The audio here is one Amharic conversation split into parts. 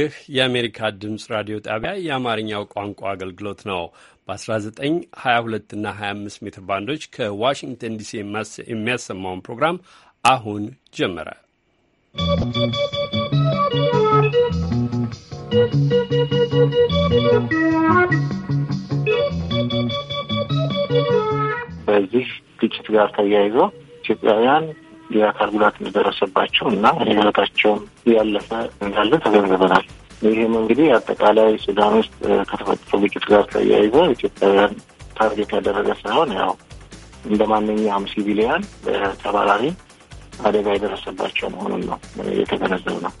ይህ የአሜሪካ ድምፅ ራዲዮ ጣቢያ የአማርኛው ቋንቋ አገልግሎት ነው። በ1922 እና 25 ሜትር ባንዶች ከዋሽንግተን ዲሲ የሚያሰማውን ፕሮግራም አሁን ጀመረ። በዚህ ግጭት ጋር ተያይዞ ኢትዮጵያውያን የአካል ጉዳት እንደደረሰባቸው እና ህይወታቸውም ያለፈ እንዳለ ተገንዝበናል። ይህም እንግዲህ አጠቃላይ ሱዳን ውስጥ ከተፈጠሩ ግጭት ጋር ተያይዞ ኢትዮጵያውያን ታርጌት ያደረገ ሳይሆን ያው እንደ ማንኛውም ሲቪሊያን ተባራሪ አደጋ የደረሰባቸው መሆኑን ነው የተገነዘብ ነው።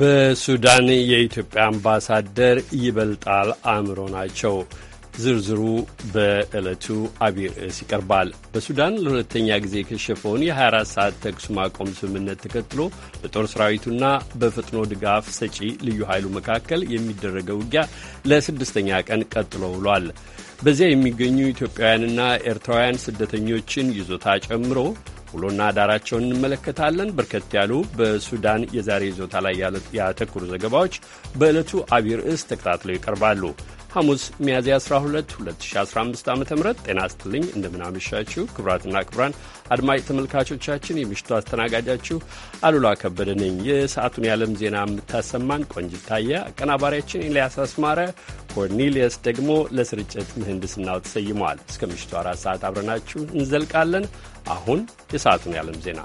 በሱዳን የኢትዮጵያ አምባሳደር ይበልጣል አእምሮ ናቸው። ዝርዝሩ በዕለቱ አቢይ ርዕስ ይቀርባል። በሱዳን ለሁለተኛ ጊዜ የከሸፈውን የ24 ሰዓት ተኩስ ማቆም ስምምነት ተከትሎ በጦር ሰራዊቱና በፍጥኖ ድጋፍ ሰጪ ልዩ ኃይሉ መካከል የሚደረገው ውጊያ ለስድስተኛ ቀን ቀጥሎ ውሏል። በዚያ የሚገኙ ኢትዮጵያውያንና ኤርትራውያን ስደተኞችን ይዞታ ጨምሮ ውሎና አዳራቸውን እንመለከታለን። በርከት ያሉ በሱዳን የዛሬ ይዞታ ላይ ያተኩሩ ዘገባዎች በዕለቱ አቢይ ርዕስ ተከታትለው ይቀርባሉ። ሐሙስ ሚያዝያ 12 2015 ዓ ም ጤና ስትልኝ እንደምናመሻችሁ ክብራትና ክብራን አድማጭ ተመልካቾቻችን የምሽቱ አስተናጋጃችሁ አሉላ ከበደ ነኝ። የሰዓቱን የዓለም ዜና የምታሰማን ቆንጅታየ፣ አቀናባሪያችን ኤልያስ አስማረ፣ ኮርኔሊየስ ደግሞ ለስርጭት ምህንድስናው ተሰይመዋል። እስከ ምሽቱ አራት ሰዓት አብረናችሁ እንዘልቃለን። አሁን የሰዓቱን የዓለም ዜና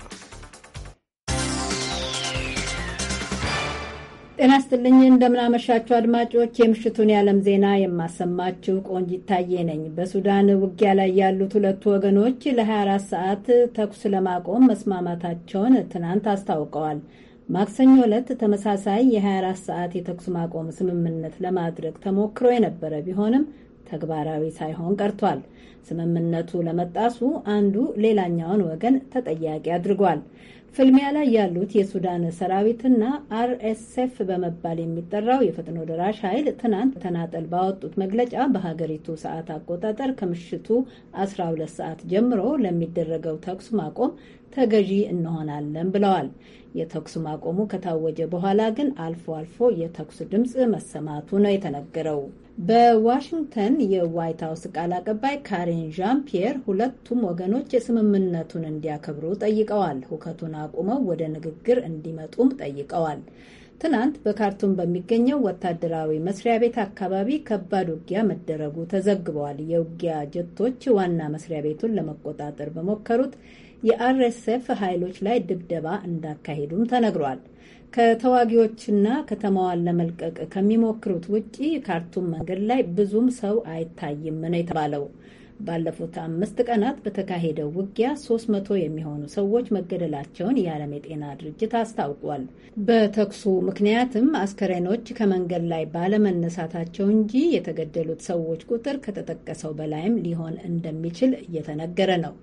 ጤና ስትልኝ እንደምናመሻችሁ አድማጮች፣ የምሽቱን የዓለም ዜና የማሰማችሁ ቆንጅ ታዬ ነኝ። በሱዳን ውጊያ ላይ ያሉት ሁለቱ ወገኖች ለ24 ሰዓት ተኩስ ለማቆም መስማማታቸውን ትናንት አስታውቀዋል። ማክሰኞ ዕለት ተመሳሳይ የ24 ሰዓት የተኩስ ማቆም ስምምነት ለማድረግ ተሞክሮ የነበረ ቢሆንም ተግባራዊ ሳይሆን ቀርቷል። ስምምነቱ ለመጣሱ አንዱ ሌላኛውን ወገን ተጠያቂ አድርጓል። ፍልሚያ ላይ ያሉት የሱዳን ሰራዊትና አርኤስኤፍ በመባል የሚጠራው የፈጥኖ ደራሽ ኃይል ትናንት ተናጠል ባወጡት መግለጫ በሀገሪቱ ሰዓት አቆጣጠር ከምሽቱ 12 ሰዓት ጀምሮ ለሚደረገው ተኩስ ማቆም ተገዢ እንሆናለን ብለዋል። የተኩስ ማቆሙ ከታወጀ በኋላ ግን አልፎ አልፎ የተኩስ ድምፅ መሰማቱ ነው የተነገረው። በዋሽንግተን የዋይት ሀውስ ቃል አቀባይ ካሪን ዣን ፒየር ሁለቱም ወገኖች የስምምነቱን እንዲያከብሩ ጠይቀዋል። ሁከቱን አቁመው ወደ ንግግር እንዲመጡም ጠይቀዋል። ትናንት በካርቱም በሚገኘው ወታደራዊ መስሪያ ቤት አካባቢ ከባድ ውጊያ መደረጉ ተዘግበዋል። የውጊያ ጀቶች ዋና መስሪያ ቤቱን ለመቆጣጠር በሞከሩት የአርኤስኤፍ ኃይሎች ላይ ድብደባ እንዳካሄዱም ተነግሯል። ከተዋጊዎችና ከተማዋን ለመልቀቅ ከሚሞክሩት ውጪ ካርቱም መንገድ ላይ ብዙም ሰው አይታይም ነው የተባለው። ባለፉት አምስት ቀናት በተካሄደው ውጊያ 300 የሚሆኑ ሰዎች መገደላቸውን የዓለም የጤና ድርጅት አስታውቋል። በተኩሱ ምክንያትም አስከሬኖች ከመንገድ ላይ ባለመነሳታቸው እንጂ የተገደሉት ሰዎች ቁጥር ከተጠቀሰው በላይም ሊሆን እንደሚችል እየተነገረ ነው።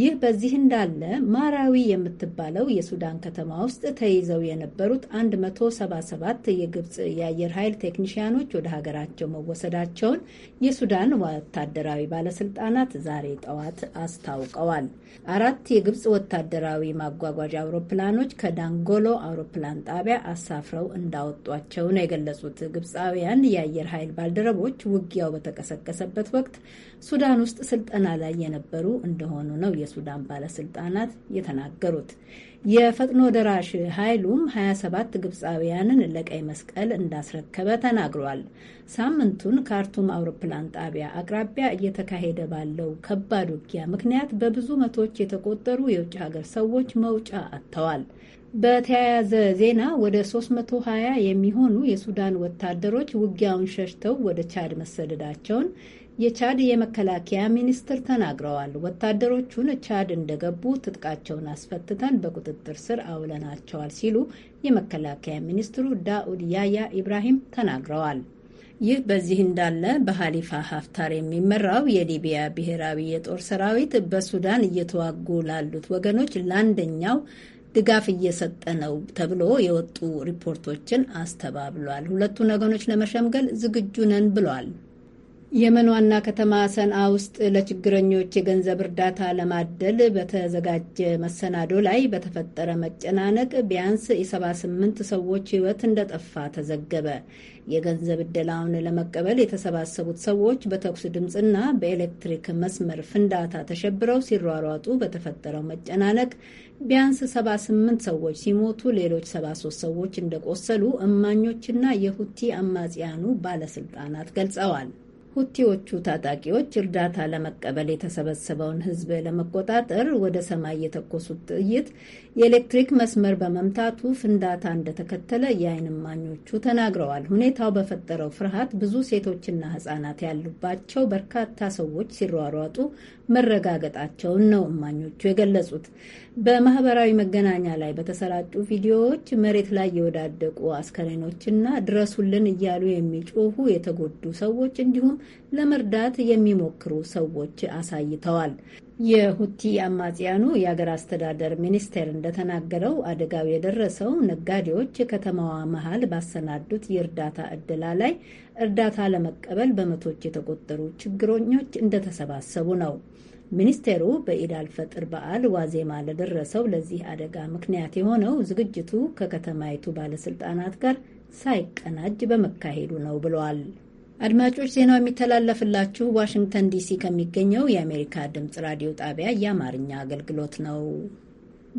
ይህ በዚህ እንዳለ ማራዊ የምትባለው የሱዳን ከተማ ውስጥ ተይዘው የነበሩት 177 የግብፅ የአየር ኃይል ቴክኒሽያኖች ወደ ሀገራቸው መወሰዳቸውን የሱዳን ወታደራዊ ባለስልጣናት ዛሬ ጠዋት አስታውቀዋል። አራት የግብፅ ወታደራዊ ማጓጓዣ አውሮፕላኖች ከዳንጎሎ አውሮፕላን ጣቢያ አሳፍረው እንዳወጧቸው ነው የገለጹት። ግብፃውያን የአየር ኃይል ባልደረቦች ውጊያው በተቀሰቀሰበት ወቅት ሱዳን ውስጥ ስልጠና ላይ የነበሩ እንደሆኑ ነው የሱዳን ባለስልጣናት የተናገሩት። የፈጥኖ ደራሽ ኃይሉም 27 ግብፃውያንን ለቀይ መስቀል እንዳስረከበ ተናግሯል። ሳምንቱን ካርቱም አውሮፕላን ጣቢያ አቅራቢያ እየተካሄደ ባለው ከባድ ውጊያ ምክንያት በብዙ መቶዎች የተቆጠሩ የውጭ ሀገር ሰዎች መውጫ አጥተዋል። በተያያዘ ዜና ወደ 320 የሚሆኑ የሱዳን ወታደሮች ውጊያውን ሸሽተው ወደ ቻድ መሰደዳቸውን የቻድ የመከላከያ ሚኒስትር ተናግረዋል። ወታደሮቹን ቻድ እንደገቡ ትጥቃቸውን አስፈትተን በቁጥጥር ስር አውለናቸዋል ሲሉ የመከላከያ ሚኒስትሩ ዳኡድ ያያ ኢብራሂም ተናግረዋል። ይህ በዚህ እንዳለ በሀሊፋ ሀፍታር የሚመራው የሊቢያ ብሔራዊ የጦር ሰራዊት በሱዳን እየተዋጉ ላሉት ወገኖች ለአንደኛው ድጋፍ እየሰጠ ነው ተብሎ የወጡ ሪፖርቶችን አስተባብሏል። ሁለቱን ወገኖች ለመሸምገል ዝግጁ ነን ብሏል። የመን ዋና ከተማ ሰንአ ውስጥ ለችግረኞች የገንዘብ እርዳታ ለማደል በተዘጋጀ መሰናዶ ላይ በተፈጠረ መጨናነቅ ቢያንስ የሰባ ስምንት ሰዎች ሕይወት እንደጠፋ ተዘገበ። የገንዘብ እደላውን ለመቀበል የተሰባሰቡት ሰዎች በተኩስ ድምፅና በኤሌክትሪክ መስመር ፍንዳታ ተሸብረው ሲሯሯጡ በተፈጠረው መጨናነቅ ቢያንስ 78 ሰዎች ሲሞቱ ሌሎች 73 ሰዎች እንደቆሰሉ እማኞችና የሁቲ አማጽያኑ ባለስልጣናት ገልጸዋል። ሁቲዎቹ ታጣቂዎች እርዳታ ለመቀበል የተሰበሰበውን ሕዝብ ለመቆጣጠር ወደ ሰማይ የተኮሱት ጥይት የኤሌክትሪክ መስመር በመምታቱ ፍንዳታ እንደተከተለ የዓይን እማኞቹ ተናግረዋል። ሁኔታው በፈጠረው ፍርሃት ብዙ ሴቶችና ሕጻናት ያሉባቸው በርካታ ሰዎች ሲሯሯጡ መረጋገጣቸውን ነው እማኞቹ የገለጹት። በማህበራዊ መገናኛ ላይ በተሰራጩ ቪዲዮዎች መሬት ላይ የወዳደቁ አስከሬኖችና ድረሱልን እያሉ የሚጮሁ የተጎዱ ሰዎች እንዲሁም ለመርዳት የሚሞክሩ ሰዎች አሳይተዋል። የሁቲ አማጽያኑ የአገር አስተዳደር ሚኒስቴር እንደተናገረው አደጋው የደረሰው ነጋዴዎች ከተማዋ መሀል ባሰናዱት የእርዳታ እደላ ላይ እርዳታ ለመቀበል በመቶች የተቆጠሩ ችግረኞች እንደተሰባሰቡ ነው። ሚኒስቴሩ በኢድ አልፈጥር በዓል ዋዜማ ለደረሰው ለዚህ አደጋ ምክንያት የሆነው ዝግጅቱ ከከተማይቱ ባለስልጣናት ጋር ሳይቀናጅ በመካሄዱ ነው ብለዋል። አድማጮች ዜናው የሚተላለፍላችሁ ዋሽንግተን ዲሲ ከሚገኘው የአሜሪካ ድምፅ ራዲዮ ጣቢያ የአማርኛ አገልግሎት ነው።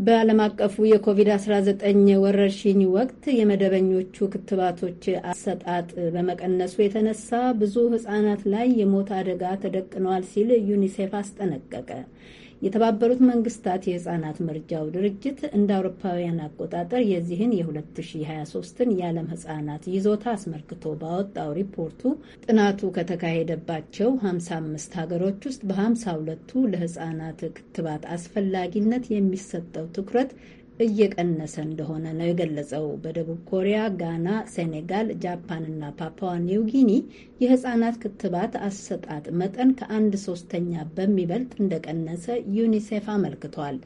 በዓለም አቀፉ የኮቪድ-19 ወረርሽኝ ወቅት የመደበኞቹ ክትባቶች አሰጣጥ በመቀነሱ የተነሳ ብዙ ሕፃናት ላይ የሞት አደጋ ተደቅኗል ሲል ዩኒሴፍ አስጠነቀቀ። የተባበሩት መንግስታት የህጻናት መርጃው ድርጅት እንደ አውሮፓውያን አቆጣጠር የዚህን የ2023ን የዓለም ህጻናት ይዞታ አስመልክቶ ባወጣው ሪፖርቱ ጥናቱ ከተካሄደባቸው 55 ሀገሮች ውስጥ በ52ቱ ለህጻናት ክትባት አስፈላጊነት የሚሰጠው ትኩረት እየቀነሰ እንደሆነ ነው የገለጸው። በደቡብ ኮሪያ፣ ጋና፣ ሴኔጋል፣ ጃፓን ፓፑዋ ኒው ጊኒ የህጻናት ክትባት አሰጣጥ መጠን ከአንድ ሶስተኛ በሚበልጥ እንደቀነሰ ዩኒሴፍ አመልክቷል።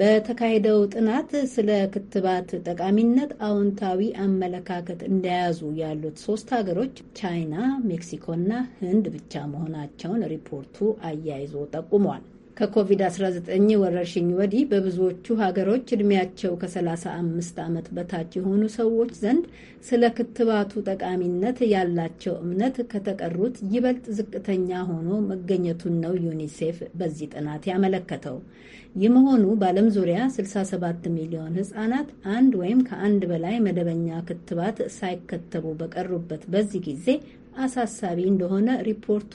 በተካሄደው ጥናት ስለ ክትባት ጠቃሚነት አዎንታዊ አመለካከት እንደያዙ ያሉት ሶስት ሀገሮች ቻይና፣ ሜክሲኮና ህንድ ብቻ መሆናቸውን ሪፖርቱ አያይዞ ጠቁሟል። ከኮቪድ-19 ወረርሽኝ ወዲህ በብዙዎቹ ሀገሮች እድሜያቸው ከ35 ዓመት በታች የሆኑ ሰዎች ዘንድ ስለ ክትባቱ ጠቃሚነት ያላቸው እምነት ከተቀሩት ይበልጥ ዝቅተኛ ሆኖ መገኘቱን ነው ዩኒሴፍ በዚህ ጥናት ያመለከተው። ይህ መሆኑ በዓለም ዙሪያ 67 ሚሊዮን ሕጻናት አንድ ወይም ከአንድ በላይ መደበኛ ክትባት ሳይከተቡ በቀሩበት በዚህ ጊዜ አሳሳቢ እንደሆነ ሪፖርቱ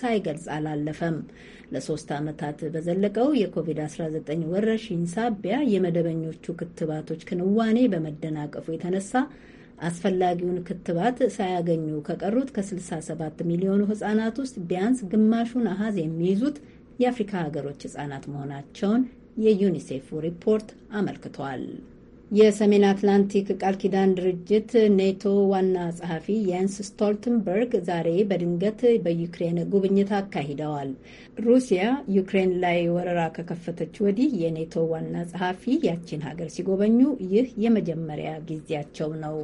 ሳይገልጽ አላለፈም። ለሶስት ዓመታት በዘለቀው የኮቪድ-19 ወረርሽኝ ሳቢያ የመደበኞቹ ክትባቶች ክንዋኔ በመደናቀፉ የተነሳ አስፈላጊውን ክትባት ሳያገኙ ከቀሩት ከ67 ሚሊዮኑ ህጻናት ውስጥ ቢያንስ ግማሹን አሃዝ የሚይዙት የአፍሪካ ሀገሮች ህጻናት መሆናቸውን የዩኒሴፉ ሪፖርት አመልክቷል። የሰሜን አትላንቲክ ቃል ኪዳን ድርጅት ኔቶ ዋና ጸሐፊ የንስ ስቶልተንበርግ ዛሬ በድንገት በዩክሬን ጉብኝት አካሂደዋል። ሩሲያ ዩክሬን ላይ ወረራ ከከፈተች ወዲህ የኔቶ ዋና ጸሐፊ ያቺን ሀገር ሲጎበኙ ይህ የመጀመሪያ ጊዜያቸው ነው።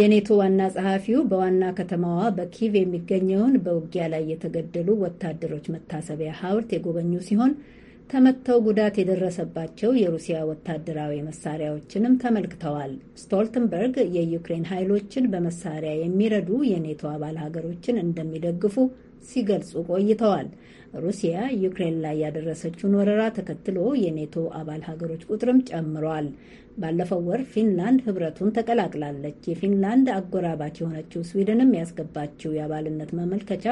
የኔቶ ዋና ጸሐፊው በዋና ከተማዋ በኪቭ የሚገኘውን በውጊያ ላይ የተገደሉ ወታደሮች መታሰቢያ ሐውልት የጎበኙ ሲሆን ተመተው ጉዳት የደረሰባቸው የሩሲያ ወታደራዊ መሳሪያዎችንም ተመልክተዋል። ስቶልተንበርግ የዩክሬን ኃይሎችን በመሳሪያ የሚረዱ የኔቶ አባል ሀገሮችን እንደሚደግፉ ሲገልጹ ቆይተዋል። ሩሲያ ዩክሬን ላይ ያደረሰችውን ወረራ ተከትሎ የኔቶ አባል ሀገሮች ቁጥርም ጨምሯል። ባለፈው ወር ፊንላንድ ህብረቱን ተቀላቅላለች። የፊንላንድ አጎራባች የሆነችው ስዊድንም ያስገባችው የአባልነት መመልከቻ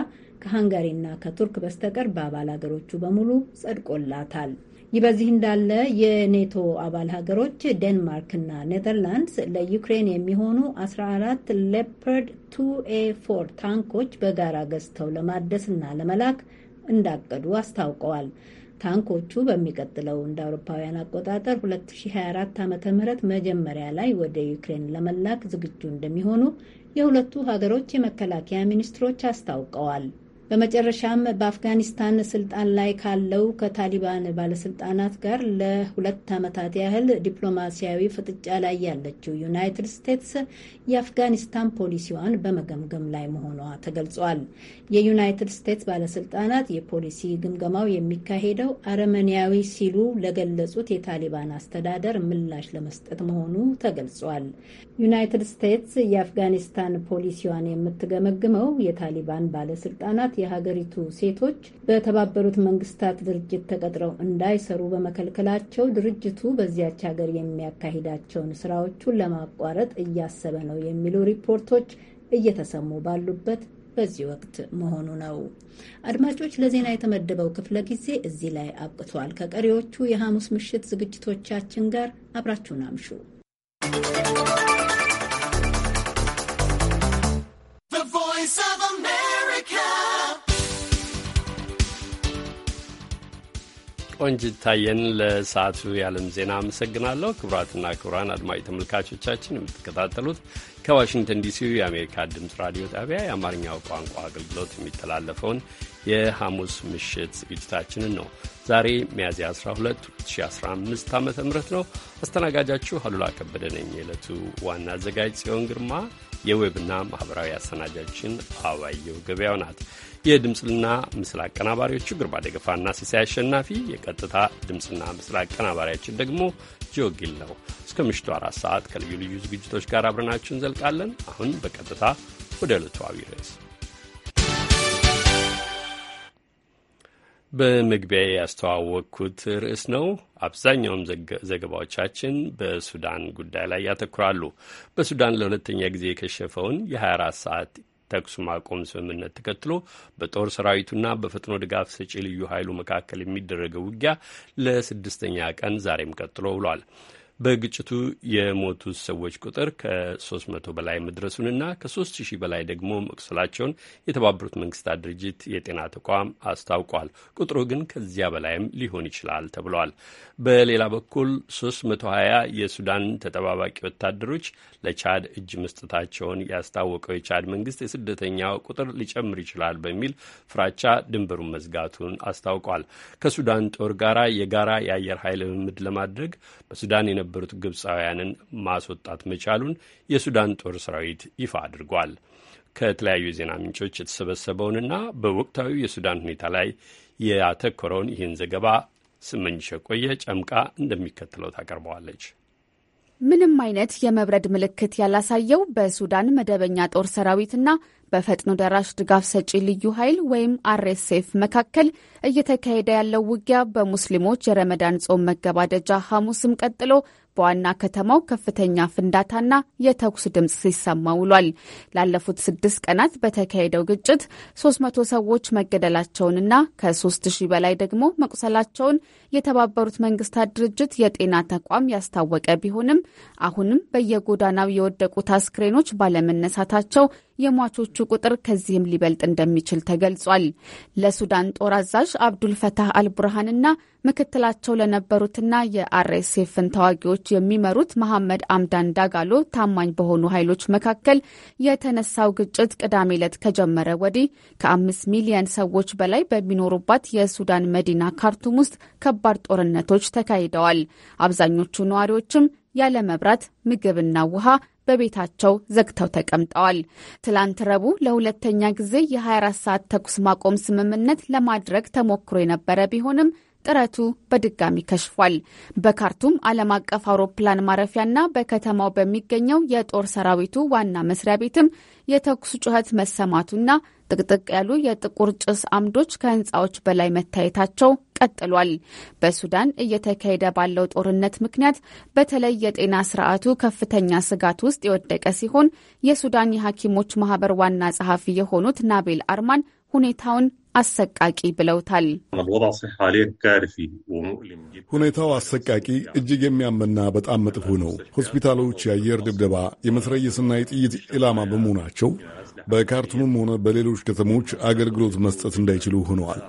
ከሃንጋሪና ከቱርክ በስተቀር በአባል ሀገሮቹ በሙሉ ጸድቆላታል። ይህ በዚህ እንዳለ የኔቶ አባል ሀገሮች ዴንማርክና ኔዘርላንድስ ለዩክሬን የሚሆኑ 14 ሌፐርድ ቱ ኤ ፎር ታንኮች በጋራ ገዝተው ለማደስና ለመላክ እንዳቀዱ አስታውቀዋል። ታንኮቹ በሚቀጥለው እንደ አውሮፓውያን አቆጣጠር 2024 ዓ ም መጀመሪያ ላይ ወደ ዩክሬን ለመላክ ዝግጁ እንደሚሆኑ የሁለቱ ሀገሮች የመከላከያ ሚኒስትሮች አስታውቀዋል። በመጨረሻም በአፍጋኒስታን ስልጣን ላይ ካለው ከታሊባን ባለስልጣናት ጋር ለሁለት ዓመታት ያህል ዲፕሎማሲያዊ ፍጥጫ ላይ ያለችው ዩናይትድ ስቴትስ የአፍጋኒስታን ፖሊሲዋን በመገምገም ላይ መሆኗ ተገልጿል። የዩናይትድ ስቴትስ ባለስልጣናት የፖሊሲ ግምገማው የሚካሄደው አረመኔያዊ ሲሉ ለገለጹት የታሊባን አስተዳደር ምላሽ ለመስጠት መሆኑ ተገልጿል። ዩናይትድ ስቴትስ የአፍጋኒስታን ፖሊሲዋን የምትገመግመው የታሊባን ባለስልጣናት ቀናት የሀገሪቱ ሴቶች በተባበሩት መንግስታት ድርጅት ተቀጥረው እንዳይሰሩ በመከልከላቸው ድርጅቱ በዚያች ሀገር የሚያካሂዳቸውን ስራዎቹን ለማቋረጥ እያሰበ ነው የሚሉ ሪፖርቶች እየተሰሙ ባሉበት በዚህ ወቅት መሆኑ ነው። አድማጮች፣ ለዜና የተመደበው ክፍለ ጊዜ እዚህ ላይ አብቅቷል። ከቀሪዎቹ የሐሙስ ምሽት ዝግጅቶቻችን ጋር አብራችሁን አምሹ። ቆንጅት ታየን ለሰዓቱ የዓለም ዜና አመሰግናለሁ። ክቡራትና ክቡራን አድማጭ ተመልካቾቻችን የምትከታተሉት ከዋሽንግተን ዲሲ የአሜሪካ ድምፅ ራዲዮ ጣቢያ የአማርኛው ቋንቋ አገልግሎት የሚተላለፈውን የሐሙስ ምሽት ዝግጅታችንን ነው። ዛሬ ሚያዝያ 12 2015 ዓ ም ነው። አስተናጋጃችሁ አሉላ ከበደ ነኝ። የዕለቱ ዋና አዘጋጅ ጽዮን ግርማ የዌብና ማኅበራዊ አሰናጃችን አባየው ገበያው ናት። የድምፅና ምስል አቀናባሪዎቹ ግርማ ደገፋና ሲሳይ አሸናፊ፣ የቀጥታ ድምፅና ምስል አቀናባሪያችን ደግሞ ጆጊል ነው። እስከ ምሽቱ አራት ሰዓት ከልዩ ልዩ ዝግጅቶች ጋር አብረናችሁ እንዘልቃለን። አሁን በቀጥታ ወደ ዕለቱ አብይ ርዕስ በመግቢያ ያስተዋወቅኩት ርዕስ ነው። አብዛኛውም ዘገባዎቻችን በሱዳን ጉዳይ ላይ ያተኩራሉ። በሱዳን ለሁለተኛ ጊዜ የከሸፈውን የ24 ሰዓት ተኩስ ማቆም ስምምነት ተከትሎ በጦር ሰራዊቱና በፈጥኖ ድጋፍ ሰጪ ልዩ ኃይሉ መካከል የሚደረገው ውጊያ ለስድስተኛ ቀን ዛሬም ቀጥሎ ውሏል። በግጭቱ የሞቱት ሰዎች ቁጥር ከ300 በላይ መድረሱንና ከ3000 በላይ ደግሞ መቁሰላቸውን የተባበሩት መንግስታት ድርጅት የጤና ተቋም አስታውቋል። ቁጥሩ ግን ከዚያ በላይም ሊሆን ይችላል ተብሏል። በሌላ በኩል 320 የሱዳን ተጠባባቂ ወታደሮች ለቻድ እጅ መስጠታቸውን ያስታወቀው የቻድ መንግስት የስደተኛው ቁጥር ሊጨምር ይችላል በሚል ፍራቻ ድንበሩን መዝጋቱን አስታውቋል። ከሱዳን ጦር ጋራ የጋራ የአየር ኃይል ልምምድ ለማድረግ በሱዳን የነበ የነበሩት ግብፃውያንን ማስወጣት መቻሉን የሱዳን ጦር ሰራዊት ይፋ አድርጓል። ከተለያዩ የዜና ምንጮች የተሰበሰበውንና በወቅታዊ የሱዳን ሁኔታ ላይ ያተኮረውን ይህን ዘገባ ስመኝሽ የቆየ ጨምቃ እንደሚከተለው ታቀርበዋለች። ምንም አይነት የመብረድ ምልክት ያላሳየው በሱዳን መደበኛ ጦር ሰራዊትና በፈጥኖ ደራሽ ድጋፍ ሰጪ ልዩ ኃይል ወይም አርኤስኤፍ መካከል እየተካሄደ ያለው ውጊያ በሙስሊሞች የረመዳን ጾም መገባደጃ ሐሙስም ቀጥሎ በዋና ከተማው ከፍተኛ ፍንዳታና የተኩስ ድምፅ ሲሰማ ውሏል። ላለፉት ስድስት ቀናት በተካሄደው ግጭት 300 ሰዎች መገደላቸውንና ከ3000 በላይ ደግሞ መቁሰላቸውን የተባበሩት መንግስታት ድርጅት የጤና ተቋም ያስታወቀ ቢሆንም አሁንም በየጎዳናው የወደቁት አስክሬኖች ባለመነሳታቸው የሟቾቹ ቁጥር ከዚህም ሊበልጥ እንደሚችል ተገልጿል። ለሱዳን ጦር አዛዥ አብዱልፈታህ አልቡርሃንና ምክትላቸው ለነበሩትና የአርኤስኤፍን ተዋጊዎች የሚመሩት መሐመድ አምዳን ዳጋሎ ታማኝ በሆኑ ኃይሎች መካከል የተነሳው ግጭት ቅዳሜ ዕለት ከጀመረ ወዲህ ከአምስት ሚሊየን ሰዎች በላይ በሚኖሩባት የሱዳን መዲና ካርቱም ውስጥ ከባድ ጦርነቶች ተካሂደዋል። አብዛኞቹ ነዋሪዎችም ያለ መብራት፣ ምግብና ውሃ በቤታቸው ዘግተው ተቀምጠዋል። ትላንት ረቡዕ ለሁለተኛ ጊዜ የ24 ሰዓት ተኩስ ማቆም ስምምነት ለማድረግ ተሞክሮ የነበረ ቢሆንም ጥረቱ በድጋሚ ከሽፏል። በካርቱም ዓለም አቀፍ አውሮፕላን ማረፊያና በከተማው በሚገኘው የጦር ሰራዊቱ ዋና መስሪያ ቤትም የተኩስ ጩኸት መሰማቱና ጥቅጥቅ ያሉ የጥቁር ጭስ አምዶች ከህንፃዎች በላይ መታየታቸው ቀጥሏል። በሱዳን እየተካሄደ ባለው ጦርነት ምክንያት በተለይ የጤና ስርዓቱ ከፍተኛ ስጋት ውስጥ የወደቀ ሲሆን የሱዳን የሐኪሞች ማህበር ዋና ጸሐፊ የሆኑት ናቤል አርማን ሁኔታውን አሰቃቂ ብለውታል። ሁኔታው አሰቃቂ፣ እጅግ የሚያመና በጣም መጥፎ ነው። ሆስፒታሎች የአየር ድብደባ፣ የመትረየስና የጥይት ኢላማ በመሆናቸው በካርቱምም ሆነ በሌሎች ከተሞች አገልግሎት መስጠት እንዳይችሉ ሆነዋል።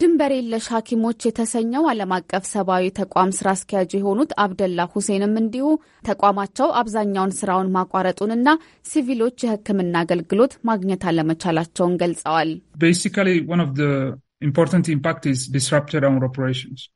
ድንበር የለሽ ሐኪሞች የተሰኘው ዓለም አቀፍ ሰብአዊ ተቋም ስራ አስኪያጅ የሆኑት አብደላ ሁሴንም እንዲሁ ተቋማቸው አብዛኛውን ስራውን ማቋረጡንና ሲቪሎች የሕክምና አገልግሎት ማግኘት አለመቻላቸውን ገልጸዋል። one of the important impact is disrupted our operations.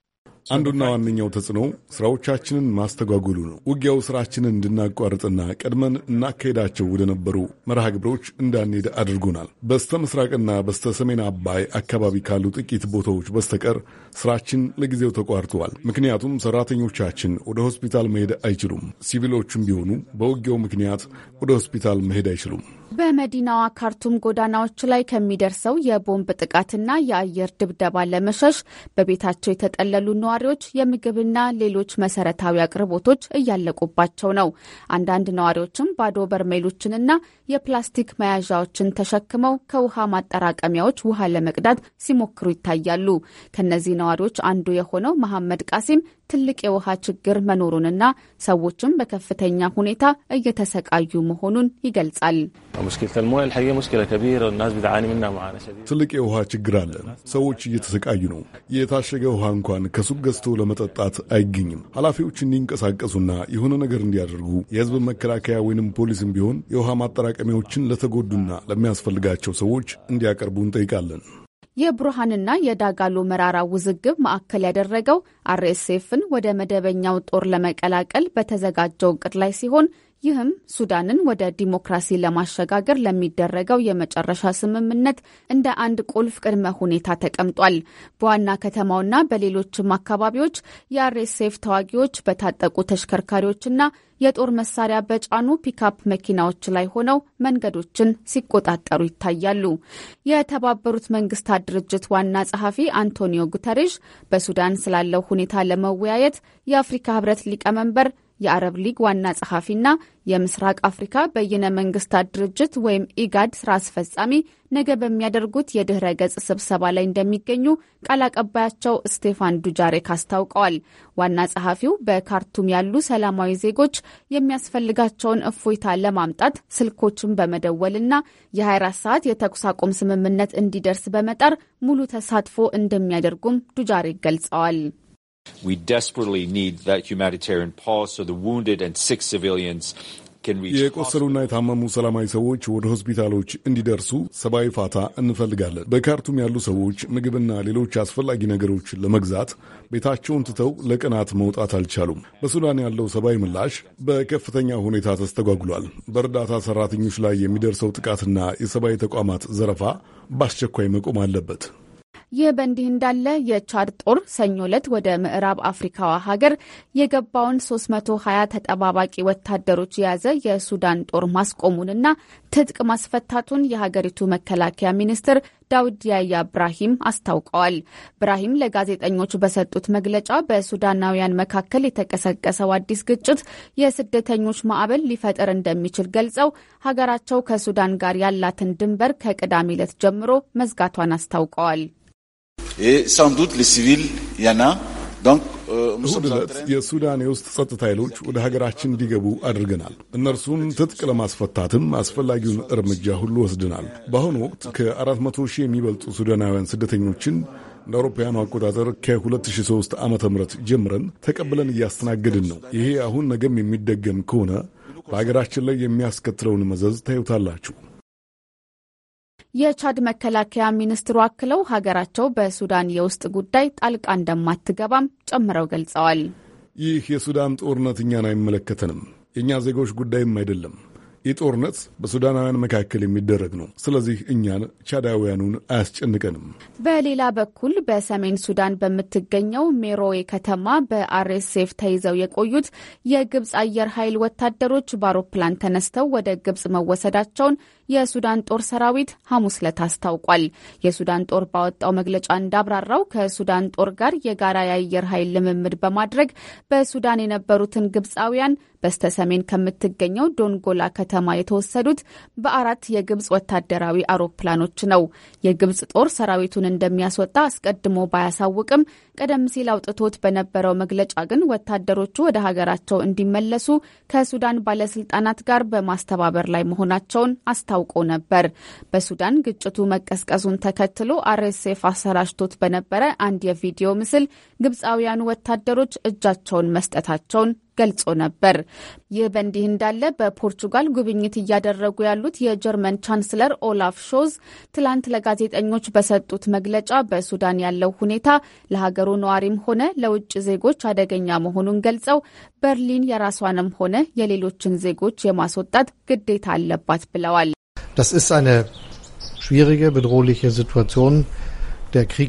አንዱና ዋነኛው ተጽዕኖ ስራዎቻችንን ማስተጓጎሉ ነው። ውጊያው ስራችንን እንድናቋርጥና ቀድመን እናካሄዳቸው ወደ ነበሩ መርሃ ግብሮች እንዳንሄድ አድርጎናል። በስተ ምስራቅና በስተ ሰሜን አባይ አካባቢ ካሉ ጥቂት ቦታዎች በስተቀር ስራችን ለጊዜው ተቋርጠዋል። ምክንያቱም ሰራተኞቻችን ወደ ሆስፒታል መሄድ አይችሉም። ሲቪሎቹም ቢሆኑ በውጊያው ምክንያት ወደ ሆስፒታል መሄድ አይችሉም። በመዲናዋ ካርቱም ጎዳናዎች ላይ ከሚደርሰው የቦምብ ጥቃትና የአየር ድብደባ ለመሸሽ በቤታቸው የተጠለሉ ነ ነዋሪዎች የምግብና ሌሎች መሰረታዊ አቅርቦቶች እያለቁባቸው ነው። አንዳንድ ነዋሪዎችም ባዶ በርሜሎችንና የፕላስቲክ መያዣዎችን ተሸክመው ከውሃ ማጠራቀሚያዎች ውሃ ለመቅዳት ሲሞክሩ ይታያሉ። ከነዚህ ነዋሪዎች አንዱ የሆነው መሐመድ ቃሲም ትልቅ የውሃ ችግር መኖሩንና ሰዎችም በከፍተኛ ሁኔታ እየተሰቃዩ መሆኑን ይገልጻል። ትልቅ የውሃ ችግር አለ። ሰዎች እየተሰቃዩ ነው። የታሸገ ውሃ እንኳን ከሱቅ ገዝቶ ለመጠጣት አይገኝም። ኃላፊዎች እንዲንቀሳቀሱና የሆነ ነገር እንዲያደርጉ የህዝብ መከላከያ ወይንም ፖሊስም ቢሆን የውሃ ማጠራቀሚያዎችን ለተጎዱና ለሚያስፈልጋቸው ሰዎች እንዲያቀርቡ እንጠይቃለን። የቡርሃንና የዳጋሎ መራራ ውዝግብ ማዕከል ያደረገው አርኤስኤፍን ወደ መደበኛው ጦር ለመቀላቀል በተዘጋጀው እቅድ ላይ ሲሆን ይህም ሱዳንን ወደ ዲሞክራሲ ለማሸጋገር ለሚደረገው የመጨረሻ ስምምነት እንደ አንድ ቁልፍ ቅድመ ሁኔታ ተቀምጧል። በዋና ከተማውና በሌሎችም አካባቢዎች የአርኤስኤፍ ተዋጊዎች በታጠቁ ተሽከርካሪዎችና የጦር መሳሪያ በጫኑ ፒካፕ መኪናዎች ላይ ሆነው መንገዶችን ሲቆጣጠሩ ይታያሉ። የተባበሩት መንግስታት ድርጅት ዋና ጸሐፊ አንቶኒዮ ጉተሬሽ በሱዳን ስላለው ሁኔታ ለመወያየት የአፍሪካ ህብረት ሊቀመንበር የአረብ ሊግ ዋና ጸሐፊና የምስራቅ አፍሪካ በይነ መንግስታት ድርጅት ወይም ኢጋድ ስራ አስፈጻሚ ነገ በሚያደርጉት የድኅረ ገጽ ስብሰባ ላይ እንደሚገኙ ቃል አቀባያቸው ስቴፋን ዱጃሬክ አስታውቀዋል። ዋና ጸሐፊው በካርቱም ያሉ ሰላማዊ ዜጎች የሚያስፈልጋቸውን እፎይታ ለማምጣት ስልኮችን በመደወልና የ24 ሰዓት የተኩስ አቁም ስምምነት እንዲደርስ በመጣር ሙሉ ተሳትፎ እንደሚያደርጉም ዱጃሬክ ገልጸዋል። የቆሰሉና የታመሙ ሰላማዊ ሰዎች ወደ ሆስፒታሎች እንዲደርሱ ሰብአዊ ፋታ እንፈልጋለን። በካርቱም ያሉ ሰዎች ምግብና ሌሎች አስፈላጊ ነገሮች ለመግዛት ቤታቸውን ትተው ለቀናት መውጣት አልቻሉም። በሱዳን ያለው ሰብአዊ ምላሽ በከፍተኛ ሁኔታ ተስተጓጉሏል። በእርዳታ ሰራተኞች ላይ የሚደርሰው ጥቃትና የሰብአዊ ተቋማት ዘረፋ በአስቸኳይ መቆም አለበት። ይህ በእንዲህ እንዳለ የቻድ ጦር ሰኞ ዕለት ወደ ምዕራብ አፍሪካዋ ሀገር የገባውን 320 ተጠባባቂ ወታደሮች የያዘ የሱዳን ጦር ማስቆሙንና ትጥቅ ማስፈታቱን የሀገሪቱ መከላከያ ሚኒስትር ዳውድ ያያ ብራሂም አስታውቀዋል። ብራሂም ለጋዜጠኞች በሰጡት መግለጫ በሱዳናውያን መካከል የተቀሰቀሰው አዲስ ግጭት የስደተኞች ማዕበል ሊፈጥር እንደሚችል ገልጸው ሀገራቸው ከሱዳን ጋር ያላትን ድንበር ከቅዳሜ ዕለት ጀምሮ መዝጋቷን አስታውቀዋል። Et sans doute les civils, il y en a. Donc euh, እሁድ ዕለት የሱዳን የውስጥ ጸጥታ ኃይሎች ወደ ሀገራችን እንዲገቡ አድርገናል። እነርሱን ትጥቅ ለማስፈታትም አስፈላጊውን እርምጃ ሁሉ ወስደናል። በአሁኑ ወቅት ከ400 ሺህ የሚበልጡ ሱዳናውያን ስደተኞችን እንደ አውሮፓውያኑ አቆጣጠር ከ2003 ዓ ም ጀምረን ተቀብለን እያስተናገድን ነው። ይሄ አሁን ነገም የሚደገም ከሆነ በሀገራችን ላይ የሚያስከትለውን መዘዝ ታዩታላችሁ። የቻድ መከላከያ ሚኒስትሩ አክለው ሀገራቸው በሱዳን የውስጥ ጉዳይ ጣልቃ እንደማትገባም ጨምረው ገልጸዋል። ይህ የሱዳን ጦርነት እኛን አይመለከተንም፣ የእኛ ዜጎች ጉዳይም አይደለም። ይህ ጦርነት በሱዳናውያን መካከል የሚደረግ ነው። ስለዚህ እኛን ቻዳውያኑን አያስጨንቀንም። በሌላ በኩል በሰሜን ሱዳን በምትገኘው ሜሮዌ ከተማ በአርኤስኤፍ ተይዘው የቆዩት የግብፅ አየር ኃይል ወታደሮች በአውሮፕላን ተነስተው ወደ ግብፅ መወሰዳቸውን የሱዳን ጦር ሰራዊት ሐሙስ ዕለት አስታውቋል። የሱዳን ጦር ባወጣው መግለጫ እንዳብራራው ከሱዳን ጦር ጋር የጋራ የአየር ኃይል ልምምድ በማድረግ በሱዳን የነበሩትን ግብፃውያን በስተ ሰሜን ከምትገኘው ዶንጎላ ከተማ የተወሰዱት በአራት የግብፅ ወታደራዊ አውሮፕላኖች ነው። የግብፅ ጦር ሰራዊቱን እንደሚያስወጣ አስቀድሞ ባያሳውቅም ቀደም ሲል አውጥቶት በነበረው መግለጫ ግን ወታደሮቹ ወደ ሀገራቸው እንዲመለሱ ከሱዳን ባለስልጣናት ጋር በማስተባበር ላይ መሆናቸውን አስታውቆ ነበር። በሱዳን ግጭቱ መቀስቀሱን ተከትሎ አርኤስኤፍ አሰራጭቶት በነበረ አንድ የቪዲዮ ምስል ግብፃውያኑ ወታደሮች እጃቸውን መስጠታቸውን ገልጾ ነበር። ይህ በእንዲህ እንዳለ በፖርቹጋል ጉብኝት እያደረጉ ያሉት የጀርመን ቻንስለር ኦላፍ ሾዝ ትላንት ለጋዜጠኞች በሰጡት መግለጫ በሱዳን ያለው ሁኔታ ለሀገሩ ነዋሪም ሆነ ለውጭ ዜጎች አደገኛ መሆኑን ገልጸው በርሊን የራሷንም ሆነ የሌሎችን ዜጎች የማስወጣት ግዴታ አለባት ብለዋል። Das ist eine schwierige, bedrohliche Situation.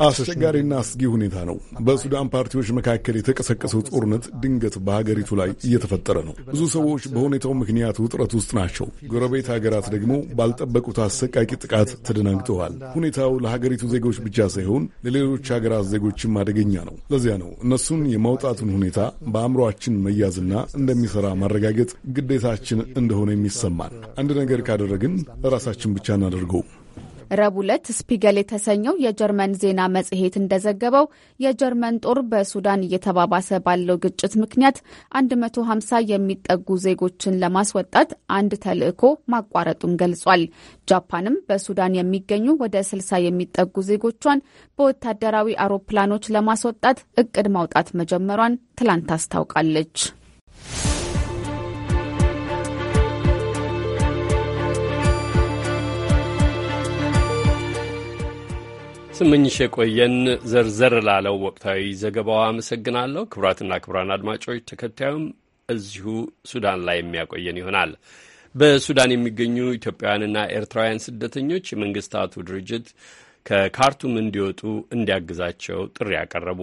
አስቸጋሪና አስጊ ሁኔታ ነው። በሱዳን ፓርቲዎች መካከል የተቀሰቀሰው ጦርነት ድንገት በሀገሪቱ ላይ እየተፈጠረ ነው። ብዙ ሰዎች በሁኔታው ምክንያት ውጥረት ውስጥ ናቸው። ጎረቤት ሀገራት ደግሞ ባልጠበቁት አሰቃቂ ጥቃት ተደናግጠዋል። ሁኔታው ለሀገሪቱ ዜጎች ብቻ ሳይሆን ለሌሎች ሀገራት ዜጎችም አደገኛ ነው። ለዚያ ነው እነሱን የማውጣቱን ሁኔታ በአእምሯችን መያዝና እንደሚሰራ ማረጋገጥ ግዴታችን እንደሆነ የሚሰማን። አንድ ነገር ካደረግን ራሳችን ብቻ እናደርገው ረቡዕ ዕለት ስፒገል የተሰኘው የጀርመን ዜና መጽሔት እንደዘገበው የጀርመን ጦር በሱዳን እየተባባሰ ባለው ግጭት ምክንያት 150 የሚጠጉ ዜጎችን ለማስወጣት አንድ ተልዕኮ ማቋረጡን ገልጿል። ጃፓንም በሱዳን የሚገኙ ወደ 60 የሚጠጉ ዜጎቿን በወታደራዊ አውሮፕላኖች ለማስወጣት እቅድ ማውጣት መጀመሯን ትላንት አስታውቃለች። ስምኝሽ የቆየን ዘርዘር ላለው ወቅታዊ ዘገባው አመሰግናለሁ። ክቡራትና ክቡራን አድማጮች ተከታዩም እዚሁ ሱዳን ላይ የሚያቆየን ይሆናል። በሱዳን የሚገኙ ኢትዮጵያውያንና ኤርትራውያን ስደተኞች የመንግስታቱ ድርጅት ከካርቱም እንዲወጡ እንዲያግዛቸው ጥሪ ያቀረቡ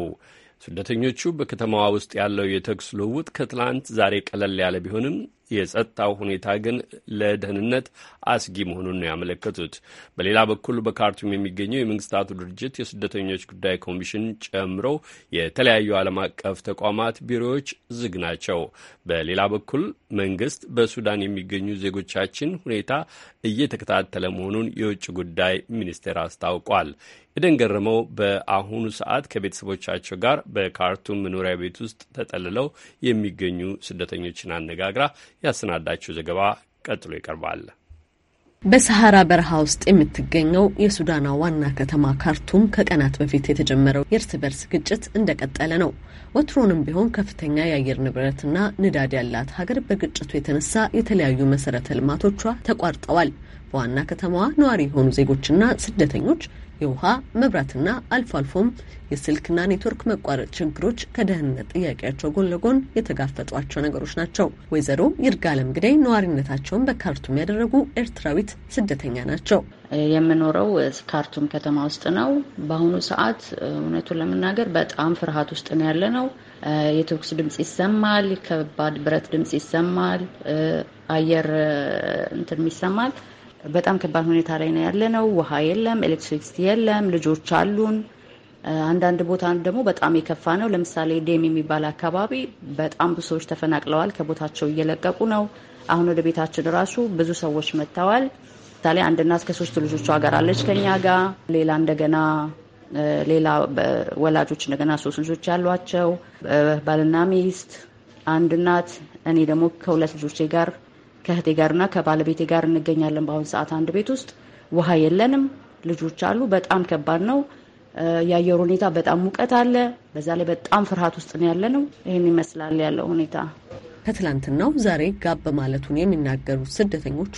ስደተኞቹ በከተማዋ ውስጥ ያለው የተኩስ ልውውጥ ከትላንት ዛሬ ቀለል ያለ ቢሆንም የጸጥታው ሁኔታ ግን ለደህንነት አስጊ መሆኑን ነው ያመለከቱት። በሌላ በኩል በካርቱም የሚገኘው የመንግስታቱ ድርጅት የስደተኞች ጉዳይ ኮሚሽን ጨምሮ የተለያዩ ዓለም አቀፍ ተቋማት ቢሮዎች ዝግ ናቸው። በሌላ በኩል መንግስት በሱዳን የሚገኙ ዜጎቻችን ሁኔታ እየተከታተለ መሆኑን የውጭ ጉዳይ ሚኒስቴር አስታውቋል። ኤደን ገረመው በአሁኑ ሰዓት ከቤተሰቦቻቸው ጋር በካርቱም መኖሪያ ቤት ውስጥ ተጠልለው የሚገኙ ስደተኞችን አነጋግራ ያሰናዳችው ዘገባ ቀጥሎ ይቀርባል። በሰሐራ በረሃ ውስጥ የምትገኘው የሱዳኗ ዋና ከተማ ካርቱም ከቀናት በፊት የተጀመረው የእርስ በርስ ግጭት እንደቀጠለ ነው። ወትሮንም ቢሆን ከፍተኛ የአየር ንብረትና ንዳድ ያላት ሀገር በግጭቱ የተነሳ የተለያዩ መሰረተ ልማቶቿ ተቋርጠዋል። በዋና ከተማዋ ነዋሪ የሆኑ ዜጎችና ስደተኞች የውሃ መብራትና አልፎ አልፎም የስልክና ኔትወርክ መቋረጥ ችግሮች ከደህንነት ጥያቄያቸው ጎን ለጎን የተጋፈጧቸው ነገሮች ናቸው። ወይዘሮ ይርጋለም ግዳይ ነዋሪነታቸውን በካርቱም ያደረጉ ኤርትራዊት ስደተኛ ናቸው። የምኖረው ካርቱም ከተማ ውስጥ ነው። በአሁኑ ሰዓት እውነቱን ለመናገር በጣም ፍርሃት ውስጥ ነው ያለ ነው። የተኩስ ድምጽ ይሰማል። ከባድ ብረት ድምጽ ይሰማል። አየር እንትን ይሰማል። በጣም ከባድ ሁኔታ ላይ ነው ያለነው። ውሃ የለም፣ ኤሌክትሪክሲቲ የለም፣ ልጆች አሉን። አንዳንድ ቦታ ደግሞ በጣም የከፋ ነው። ለምሳሌ ዴም የሚባል አካባቢ በጣም ብዙ ሰዎች ተፈናቅለዋል። ከቦታቸው እየለቀቁ ነው። አሁን ወደ ቤታችን ራሱ ብዙ ሰዎች መጥተዋል። ምሳሌ አንድ እናት ከሶስት ልጆቿ ጋር አለች ከኛ ጋር። ሌላ እንደገና ሌላ ወላጆች እንደገና ሶስት ልጆች ያሏቸው ባልና ሚስት፣ አንድ እናት፣ እኔ ደግሞ ከሁለት ልጆቼ ጋር ከእህቴ ጋርና ከባለቤቴ ጋር እንገኛለን። በአሁን ሰዓት አንድ ቤት ውስጥ ውሃ የለንም። ልጆች አሉ። በጣም ከባድ ነው። የአየር ሁኔታ በጣም ሙቀት አለ። በዛ ላይ በጣም ፍርሃት ውስጥ ነው ያለ ነው። ይህን ይመስላል ያለው ሁኔታ። ከትላንትናው ዛሬ ጋብ ማለቱን የሚናገሩት ስደተኞቹ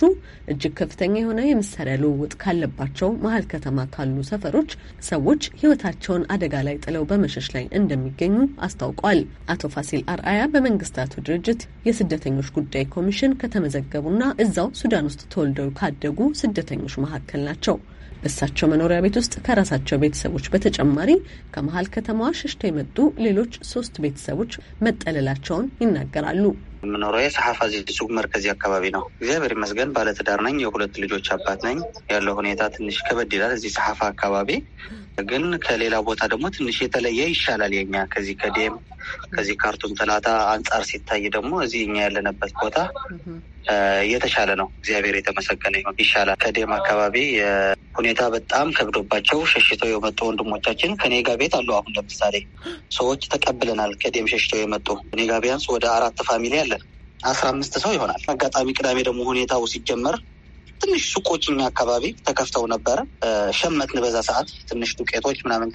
እጅግ ከፍተኛ የሆነ የመሳሪያ ልውውጥ ካለባቸው መሀል ከተማ ካሉ ሰፈሮች ሰዎች ህይወታቸውን አደጋ ላይ ጥለው በመሸሽ ላይ እንደሚገኙ አስታውቋል። አቶ ፋሲል አርአያ በመንግስታቱ ድርጅት የስደተኞች ጉዳይ ኮሚሽን ከተመዘገቡና እዛው ሱዳን ውስጥ ተወልደው ካደጉ ስደተኞች መካከል ናቸው። በእሳቸው መኖሪያ ቤት ውስጥ ከራሳቸው ቤተሰቦች በተጨማሪ ከመሀል ከተማዋ ሸሽተው የመጡ ሌሎች ሶስት ቤተሰቦች መጠለላቸውን ይናገራሉ። የምኖረው ሰሐፋ ሱቅ መርከዚ አካባቢ ነው። እግዚአብሔር ይመስገን ባለትዳር ነኝ። የሁለት ልጆች አባት ነኝ። ያለው ሁኔታ ትንሽ ከበድ ይላል። እዚህ ሰሐፋ አካባቢ ግን ከሌላ ቦታ ደግሞ ትንሽ የተለየ ይሻላል። የኛ ከዚህ ከዴም ከዚህ ካርቱም ተላታ አንጻር ሲታይ ደግሞ እዚህ እኛ ያለንበት ቦታ የተሻለ ነው። እግዚአብሔር የተመሰገነ ይሁን፣ ይሻላል። ከዴም አካባቢ ሁኔታ በጣም ከብዶባቸው ሸሽተው የመጡ ወንድሞቻችን ከኔጋ ቤት አሉ። አሁን ለምሳሌ ሰዎች ተቀብለናል። ከዴም ሸሽተው የመጡ እኔ ቢያንስ ወደ አራት ፋሚሊ አለን፣ አስራ አምስት ሰው ይሆናል። አጋጣሚ ቅዳሜ ደግሞ ሁኔታው ሲጀመር ትንሽ ሱቆች አካባቢ ተከፍተው ነበረ። ሸመትን በዛ ሰዓት ትንሽ ዱቄቶች ምናምን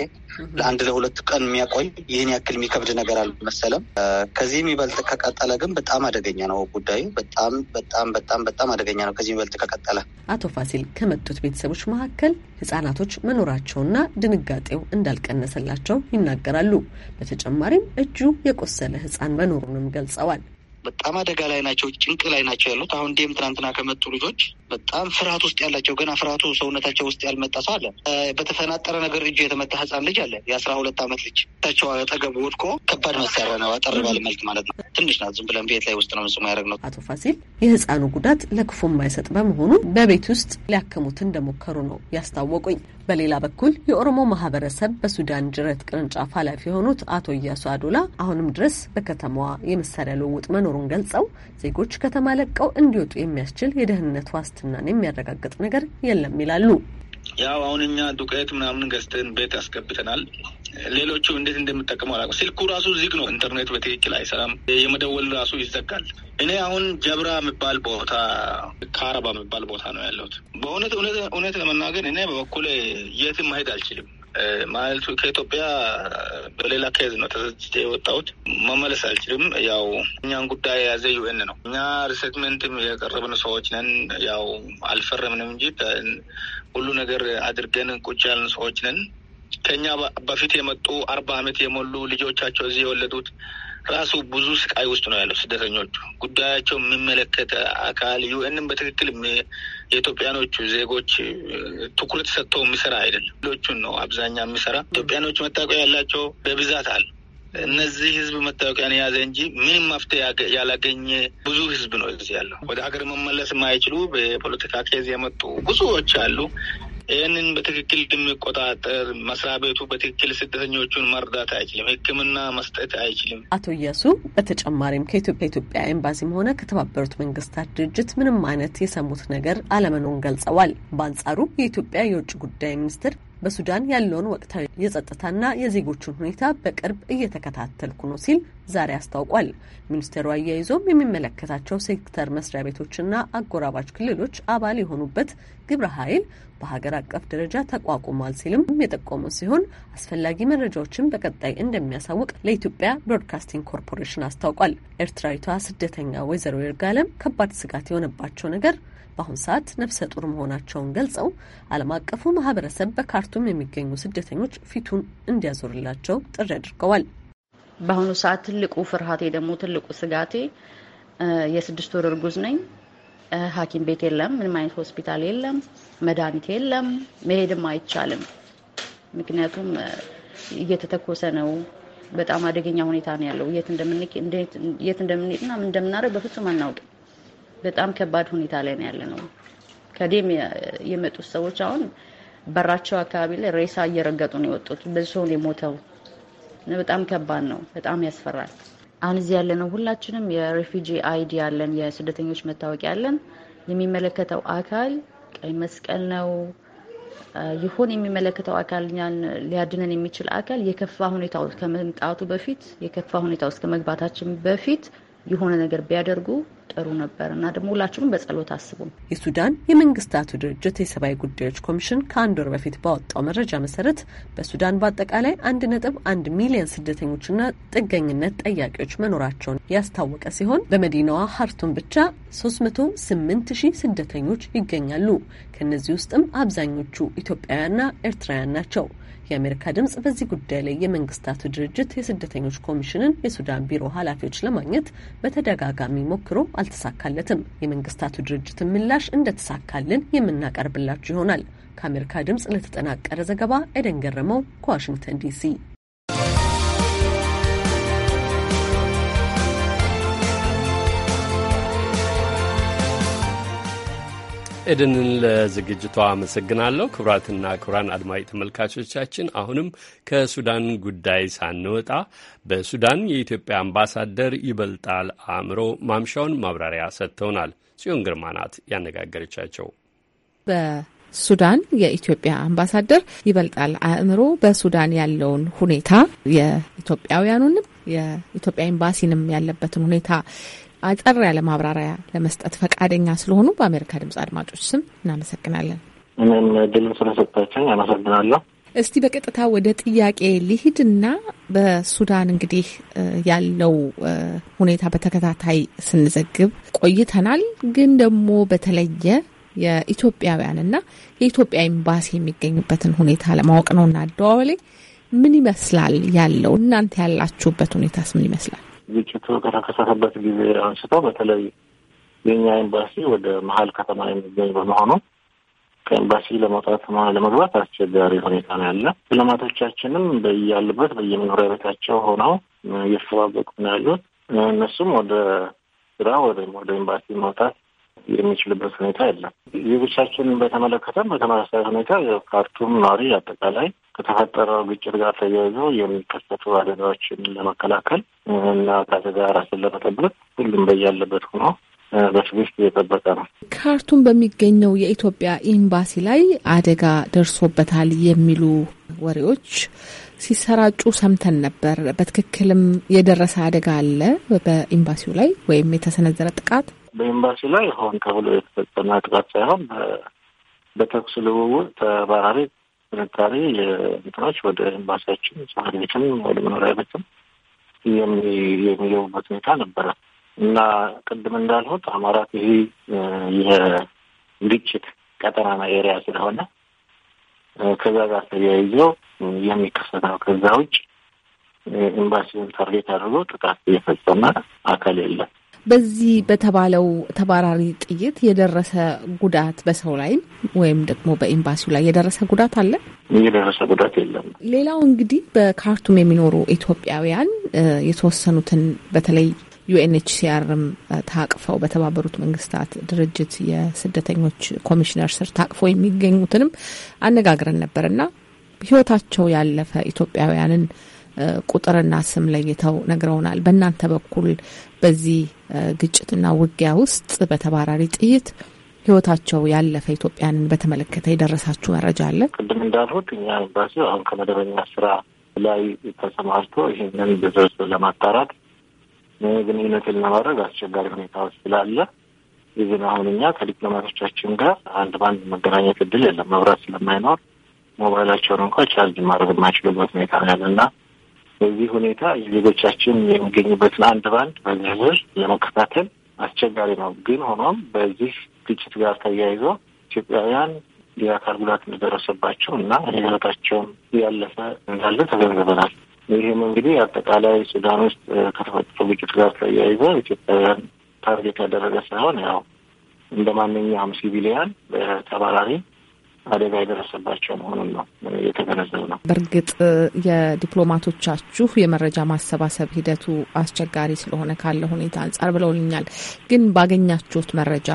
ለአንድ ለሁለት ቀን የሚያቆይ ይህን ያክል የሚከብድ ነገር አልመሰለም። ከዚህ የሚበልጥ ከቀጠለ ግን በጣም አደገኛ ነው ጉዳዩ። በጣም በጣም በጣም በጣም አደገኛ ነው ከዚህ የሚበልጥ ከቀጠለ። አቶ ፋሲል ከመጡት ቤተሰቦች መካከል ህጻናቶች መኖራቸውና ድንጋጤው እንዳልቀነሰላቸው ይናገራሉ። በተጨማሪም እጁ የቆሰለ ህጻን መኖሩንም ገልጸዋል። በጣም አደጋ ላይ ናቸው፣ ጭንቅ ላይ ናቸው ያሉት። አሁን ዴም ትናንትና ከመጡ ልጆች በጣም ፍርሃት ውስጥ ያላቸው ገና ፍርሃቱ ሰውነታቸው ውስጥ ያልመጣ ሰው አለ። በተፈናጠረ ነገር እጁ የተመታ ህፃን ልጅ አለ። የአስራ ሁለት ዓመት ልጅ ታቸው አጠገቡ ወድቆ ከባድ መሳሪያ ነው አጠር ባለ መልክ ማለት ነው። ትንሽ ናት። ዝም ብለን ቤት ላይ ውስጥ ነው ንጹ ያደረግ ነው። አቶ ፋሲል የህፃኑ ጉዳት ለክፉ የማይሰጥ በመሆኑ በቤት ውስጥ ሊያከሙት እንደሞከሩ ነው ያስታወቁኝ። በሌላ በኩል የኦሮሞ ማህበረሰብ በሱዳን ጅረት ቅርንጫፍ ኃላፊ የሆኑት አቶ እያሱ አዶላ አሁንም ድረስ በከተማዋ የመሳሪያ ልውውጥ መኖሩን ገልጸው ዜጎች ከተማ ለቀው እንዲወጡ የሚያስችል የደህንነት ዋስትናን የሚያረጋግጥ ነገር የለም ይላሉ። ያው አሁን እኛ ዱቄት ምናምን ገዝተን ቤት ያስገብተናል። ሌሎቹ እንዴት እንደምጠቀመው አላውቅም። ስልኩ ራሱ ዝግ ነው። ኢንተርኔት በትክክል አይሰራም። የመደወል ራሱ ይዘጋል። እኔ አሁን ጀብራ የሚባል ቦታ ካረባ የሚባል ቦታ ነው ያለሁት። በእውነት እውነት ለመናገር እኔ በበኩሌ የትም ማሄድ አልችልም ማለቱ ከኢትዮጵያ በሌላ ከዝ ነው ተዘጅ የወጣሁት መመለስ አልችልም። ያው እኛን ጉዳይ የያዘ ዩኤን ነው። እኛ ሪሴትመንትም የቀረብን ሰዎች ነን። ያው አልፈረምንም እንጂ ሁሉ ነገር አድርገን ቁጭ ያልን ሰዎች ነን። ከኛ በፊት የመጡ አርባ ዓመት የሞሉ ልጆቻቸው እዚህ የወለዱት ራሱ ብዙ ስቃይ ውስጥ ነው ያለው። ስደተኞቹ ጉዳያቸው የሚመለከተ አካል ዩኤንም በትክክል የኢትዮጵያኖቹ ዜጎች ትኩረት ሰጥቶ የሚሰራ አይደለም። ሎቹን ነው አብዛኛ የሚሰራ ኢትዮጵያኖች መታወቂያ ያላቸው በብዛት አሉ። እነዚህ ህዝብ መታወቂያን የያዘ እንጂ ምንም መፍትሄ ያላገኘ ብዙ ህዝብ ነው እዚህ ያለው። ወደ ሀገር መመለስ የማይችሉ በፖለቲካ ኬዝ የመጡ ብዙዎች አሉ። ይህንን በትክክል የሚቆጣጠር መስሪያ ቤቱ በትክክል ስደተኞቹን መርዳት አይችልም፣ ሕክምና መስጠት አይችልም። አቶ እያሱ በተጨማሪም ከኢትዮጵያ ኢትዮጵያ ኤምባሲም ሆነ ከተባበሩት መንግስታት ድርጅት ምንም አይነት የሰሙት ነገር አለመኖን ገልጸዋል። በአንጻሩ የኢትዮጵያ የውጭ ጉዳይ ሚኒስትር በሱዳን ያለውን ወቅታዊ የጸጥታና የዜጎቹን ሁኔታ በቅርብ እየተከታተልኩ ነው ሲል ዛሬ አስታውቋል። ሚኒስቴሩ አያይዞም የሚመለከታቸው ሴክተር መስሪያ ቤቶችና አጎራባች ክልሎች አባል የሆኑበት ግብረ ኃይል በሀገር አቀፍ ደረጃ ተቋቁሟል ሲልም የጠቆሙ ሲሆን አስፈላጊ መረጃዎችን በቀጣይ እንደሚያሳውቅ ለኢትዮጵያ ብሮድካስቲንግ ኮርፖሬሽን አስታውቋል። ኤርትራዊቷ ስደተኛ ወይዘሮ ይርጋለም ከባድ ስጋት የሆነባቸው ነገር በአሁን ሰዓት ነፍሰ ጡር መሆናቸውን ገልጸው ዓለም አቀፉ ማህበረሰብ በካርቱም የሚገኙ ስደተኞች ፊቱን እንዲያዞርላቸው ጥሪ አድርገዋል። በአሁኑ ሰዓት ትልቁ ፍርሃቴ ደግሞ ትልቁ ስጋቴ የስድስት ወር እርጉዝ ነኝ። ሐኪም ቤት የለም፣ ምንም አይነት ሆስፒታል የለም፣ መድኃኒት የለም፣ መሄድም አይቻልም። ምክንያቱም እየተተኮሰ ነው። በጣም አደገኛ ሁኔታ ነው ያለው። የት እና ምን እንደምናደርግ በፍጹም አናውቅም። በጣም ከባድ ሁኔታ ላይ ነው ያለ ነው። ከደም የመጡት ሰዎች አሁን በራቸው አካባቢ ላይ ሬሳ እየረገጡ ነው የወጡት። ብዙ ሰው የሞተው በጣም ከባድ ነው። በጣም ያስፈራል። አሁን እዚህ ያለ ነው ሁላችንም የሬፊጂ አይዲ ያለን የስደተኞች መታወቂያ ያለን የሚመለከተው አካል ቀይ መስቀል ነው ይሁን የሚመለከተው አካል እኛን ሊያድነን የሚችል አካል የከፋ ሁኔታ ከመምጣቱ በፊት የከፋ ሁኔታ ውስጥ ከመግባታችን በፊት የሆነ ነገር ቢያደርጉ ጥሩ ነበር እና ደግሞ ሁላችሁም በጸሎት አስቡ። የሱዳን የመንግስታቱ ድርጅት የሰብአዊ ጉዳዮች ኮሚሽን ከአንድ ወር በፊት ባወጣው መረጃ መሰረት በሱዳን በአጠቃላይ አንድ ነጥብ አንድ ሚሊዮን ስደተኞችና ጥገኝነት ጠያቂዎች መኖራቸውን ያስታወቀ ሲሆን በመዲናዋ ሀርቱም ብቻ ስምንት ሺህ ስደተኞች ይገኛሉ። ከእነዚህ ውስጥም አብዛኞቹ ኢትዮጵያውያንና ኤርትራውያን ናቸው። የአሜሪካ ድምጽ በዚህ ጉዳይ ላይ የመንግስታቱ ድርጅት የስደተኞች ኮሚሽንን የሱዳን ቢሮ ኃላፊዎች ለማግኘት በተደጋጋሚ ሞክሮ አልተሳካለትም። የመንግስታቱ ድርጅትን ምላሽ እንደተሳካልን የምናቀርብላችሁ ይሆናል። ከአሜሪካ ድምጽ ለተጠናቀረ ዘገባ ኤደን ገረመው ከዋሽንግተን ዲሲ ኤደንን ለዝግጅቷ አመሰግናለሁ። ክቡራትና ክቡራን አድማጭ ተመልካቾቻችን አሁንም ከሱዳን ጉዳይ ሳንወጣ በሱዳን የኢትዮጵያ አምባሳደር ይበልጣል አእምሮ ማምሻውን ማብራሪያ ሰጥተውናል። ጽዮን ግርማ ናት ያነጋገረቻቸው። በሱዳን የኢትዮጵያ አምባሳደር ይበልጣል አእምሮ በሱዳን ያለውን ሁኔታ የኢትዮጵያውያኑንም የኢትዮጵያ ኤምባሲንም ያለበትን ሁኔታ አጠር ያለ ማብራሪያ ለመስጠት ፈቃደኛ ስለሆኑ በአሜሪካ ድምፅ አድማጮች ስም እናመሰግናለን። እኔም ድልም ስለሰጣችን አመሰግናለሁ። እስቲ በቀጥታ ወደ ጥያቄ ሊሂድና በሱዳን እንግዲህ ያለው ሁኔታ በተከታታይ ስንዘግብ ቆይተናል። ግን ደግሞ በተለየ የኢትዮጵያውያንና የኢትዮጵያ ኤምባሲ የሚገኙበትን ሁኔታ ለማወቅ ነው እና አደዋወሌ ምን ይመስላል ያለው? እናንተ ያላችሁበት ሁኔታስ ምን ይመስላል? ግጭቱ ከተከሰተበት ጊዜ አንስቶ በተለይ የኛ ኤምባሲ ወደ መሀል ከተማ የሚገኝ በመሆኑ ከኤምባሲ ለመውጣት ለመግባት አስቸጋሪ ሁኔታ ነው ያለ። ዲፕሎማቶቻችንም በያሉበት በየመኖሪያ ቤታቸው ሆነው እየተሰባበቁ ነው ያሉት። እነሱም ወደ ስራ ወደ ኤምባሲ መውጣት የሚችልበት ሁኔታ የለም። ዜጎቻችን በተመለከተም በተመሳሳይ ሁኔታ የካርቱም ኗሪ አጠቃላይ ከተፈጠረው ግጭት ጋር ተያይዞ የሚከሰቱ አደጋዎችን ለመከላከል እና ከአደጋ ራስን ለመጠበቅ ሁሉም በያለበት ሆኖ በትዕግስት እየጠበቀ ነው። ካርቱም በሚገኘው የኢትዮጵያ ኤምባሲ ላይ አደጋ ደርሶበታል የሚሉ ወሬዎች ሲሰራጩ ሰምተን ነበር። በትክክልም የደረሰ አደጋ አለ በኤምባሲው ላይ ወይም የተሰነዘረ ጥቃት በኤምባሲ ላይ ሆን ተብሎ የተፈጸመ ጥቃት ሳይሆን በተኩስ ልውውጥ ተባራሪ ጥንካሬ የእንትኖች ወደ ኤምባሲያችን ጽሕፈት ቤትም ወደ መኖሪያ ቤትም የሚገቡበት ሁኔታ ነበረ እና ቅድም እንዳልሁት አማራት ይህ የግጭት ቀጠናና ኤሪያ ስለሆነ ከዛ ጋር ተያይዞ የሚከሰተው ከዛ ውጭ ኤምባሲውን ታርጌት አድርጎ ጥቃት የፈጸመ አካል የለም። በዚህ በተባለው ተባራሪ ጥይት የደረሰ ጉዳት በሰው ላይም ወይም ደግሞ በኤምባሲው ላይ የደረሰ ጉዳት አለ? የደረሰ ጉዳት የለም። ሌላው እንግዲህ በካርቱም የሚኖሩ ኢትዮጵያውያን የተወሰኑትን በተለይ ዩኤንኤችሲአርም ታቅፈው በተባበሩት መንግስታት ድርጅት የስደተኞች ኮሚሽነር ስር ታቅፈው የሚገኙትንም አነጋግረን ነበርና ህይወታቸው ያለፈ ኢትዮጵያውያንን ቁጥርና ስም ለይተው ነግረውናል። በእናንተ በኩል በዚህ ግጭትና ውጊያ ውስጥ በተባራሪ ጥይት ህይወታቸው ያለፈ ኢትዮጵያንን በተመለከተ የደረሳችሁ መረጃ አለ? ቅድም እንዳልሁት እኛ ኤምባሲ አሁን ከመደበኛ ስራ ላይ ተሰማርቶ ይህንን ብዙ ለማጣራት ግንኙነትን ለማድረግ አስቸጋሪ ውስጥ ስላለ ይዝን አሁን እኛ ከዲፕሎማቶቻችን ጋር አንድ በአንድ መገናኘት እድል የለም። መብራት ስለማይኖር ሞባይላቸውን እንኳ ቻርጅ ማድረግ የማይችሉበት ሁኔታ ነው ያለና በዚህ ሁኔታ የዜጎቻችን የሚገኙበትን አንድ ባንድ በዝርዝር ለመከታተል አስቸጋሪ ነው። ግን ሆኖም በዚህ ግጭት ጋር ተያይዞ ኢትዮጵያውያን የአካል ጉዳት እንደደረሰባቸው እና ህይወታቸውን ያለፈ እንዳለ ተገንዝበናል። ይህም እንግዲህ አጠቃላይ ሱዳን ውስጥ ከተፈጠረ ግጭት ጋር ተያይዞ ኢትዮጵያውያን ታርጌት ያደረገ ሳይሆን ያው እንደ ማንኛውም ሲቪሊያን በተባራሪ አደጋ የደረሰባቸው መሆኑን ነው የተገነዘብ ነው። በእርግጥ የዲፕሎማቶቻችሁ የመረጃ ማሰባሰብ ሂደቱ አስቸጋሪ ስለሆነ ካለ ሁኔታ አንጻር ብለውልኛል። ግን ባገኛችሁት መረጃ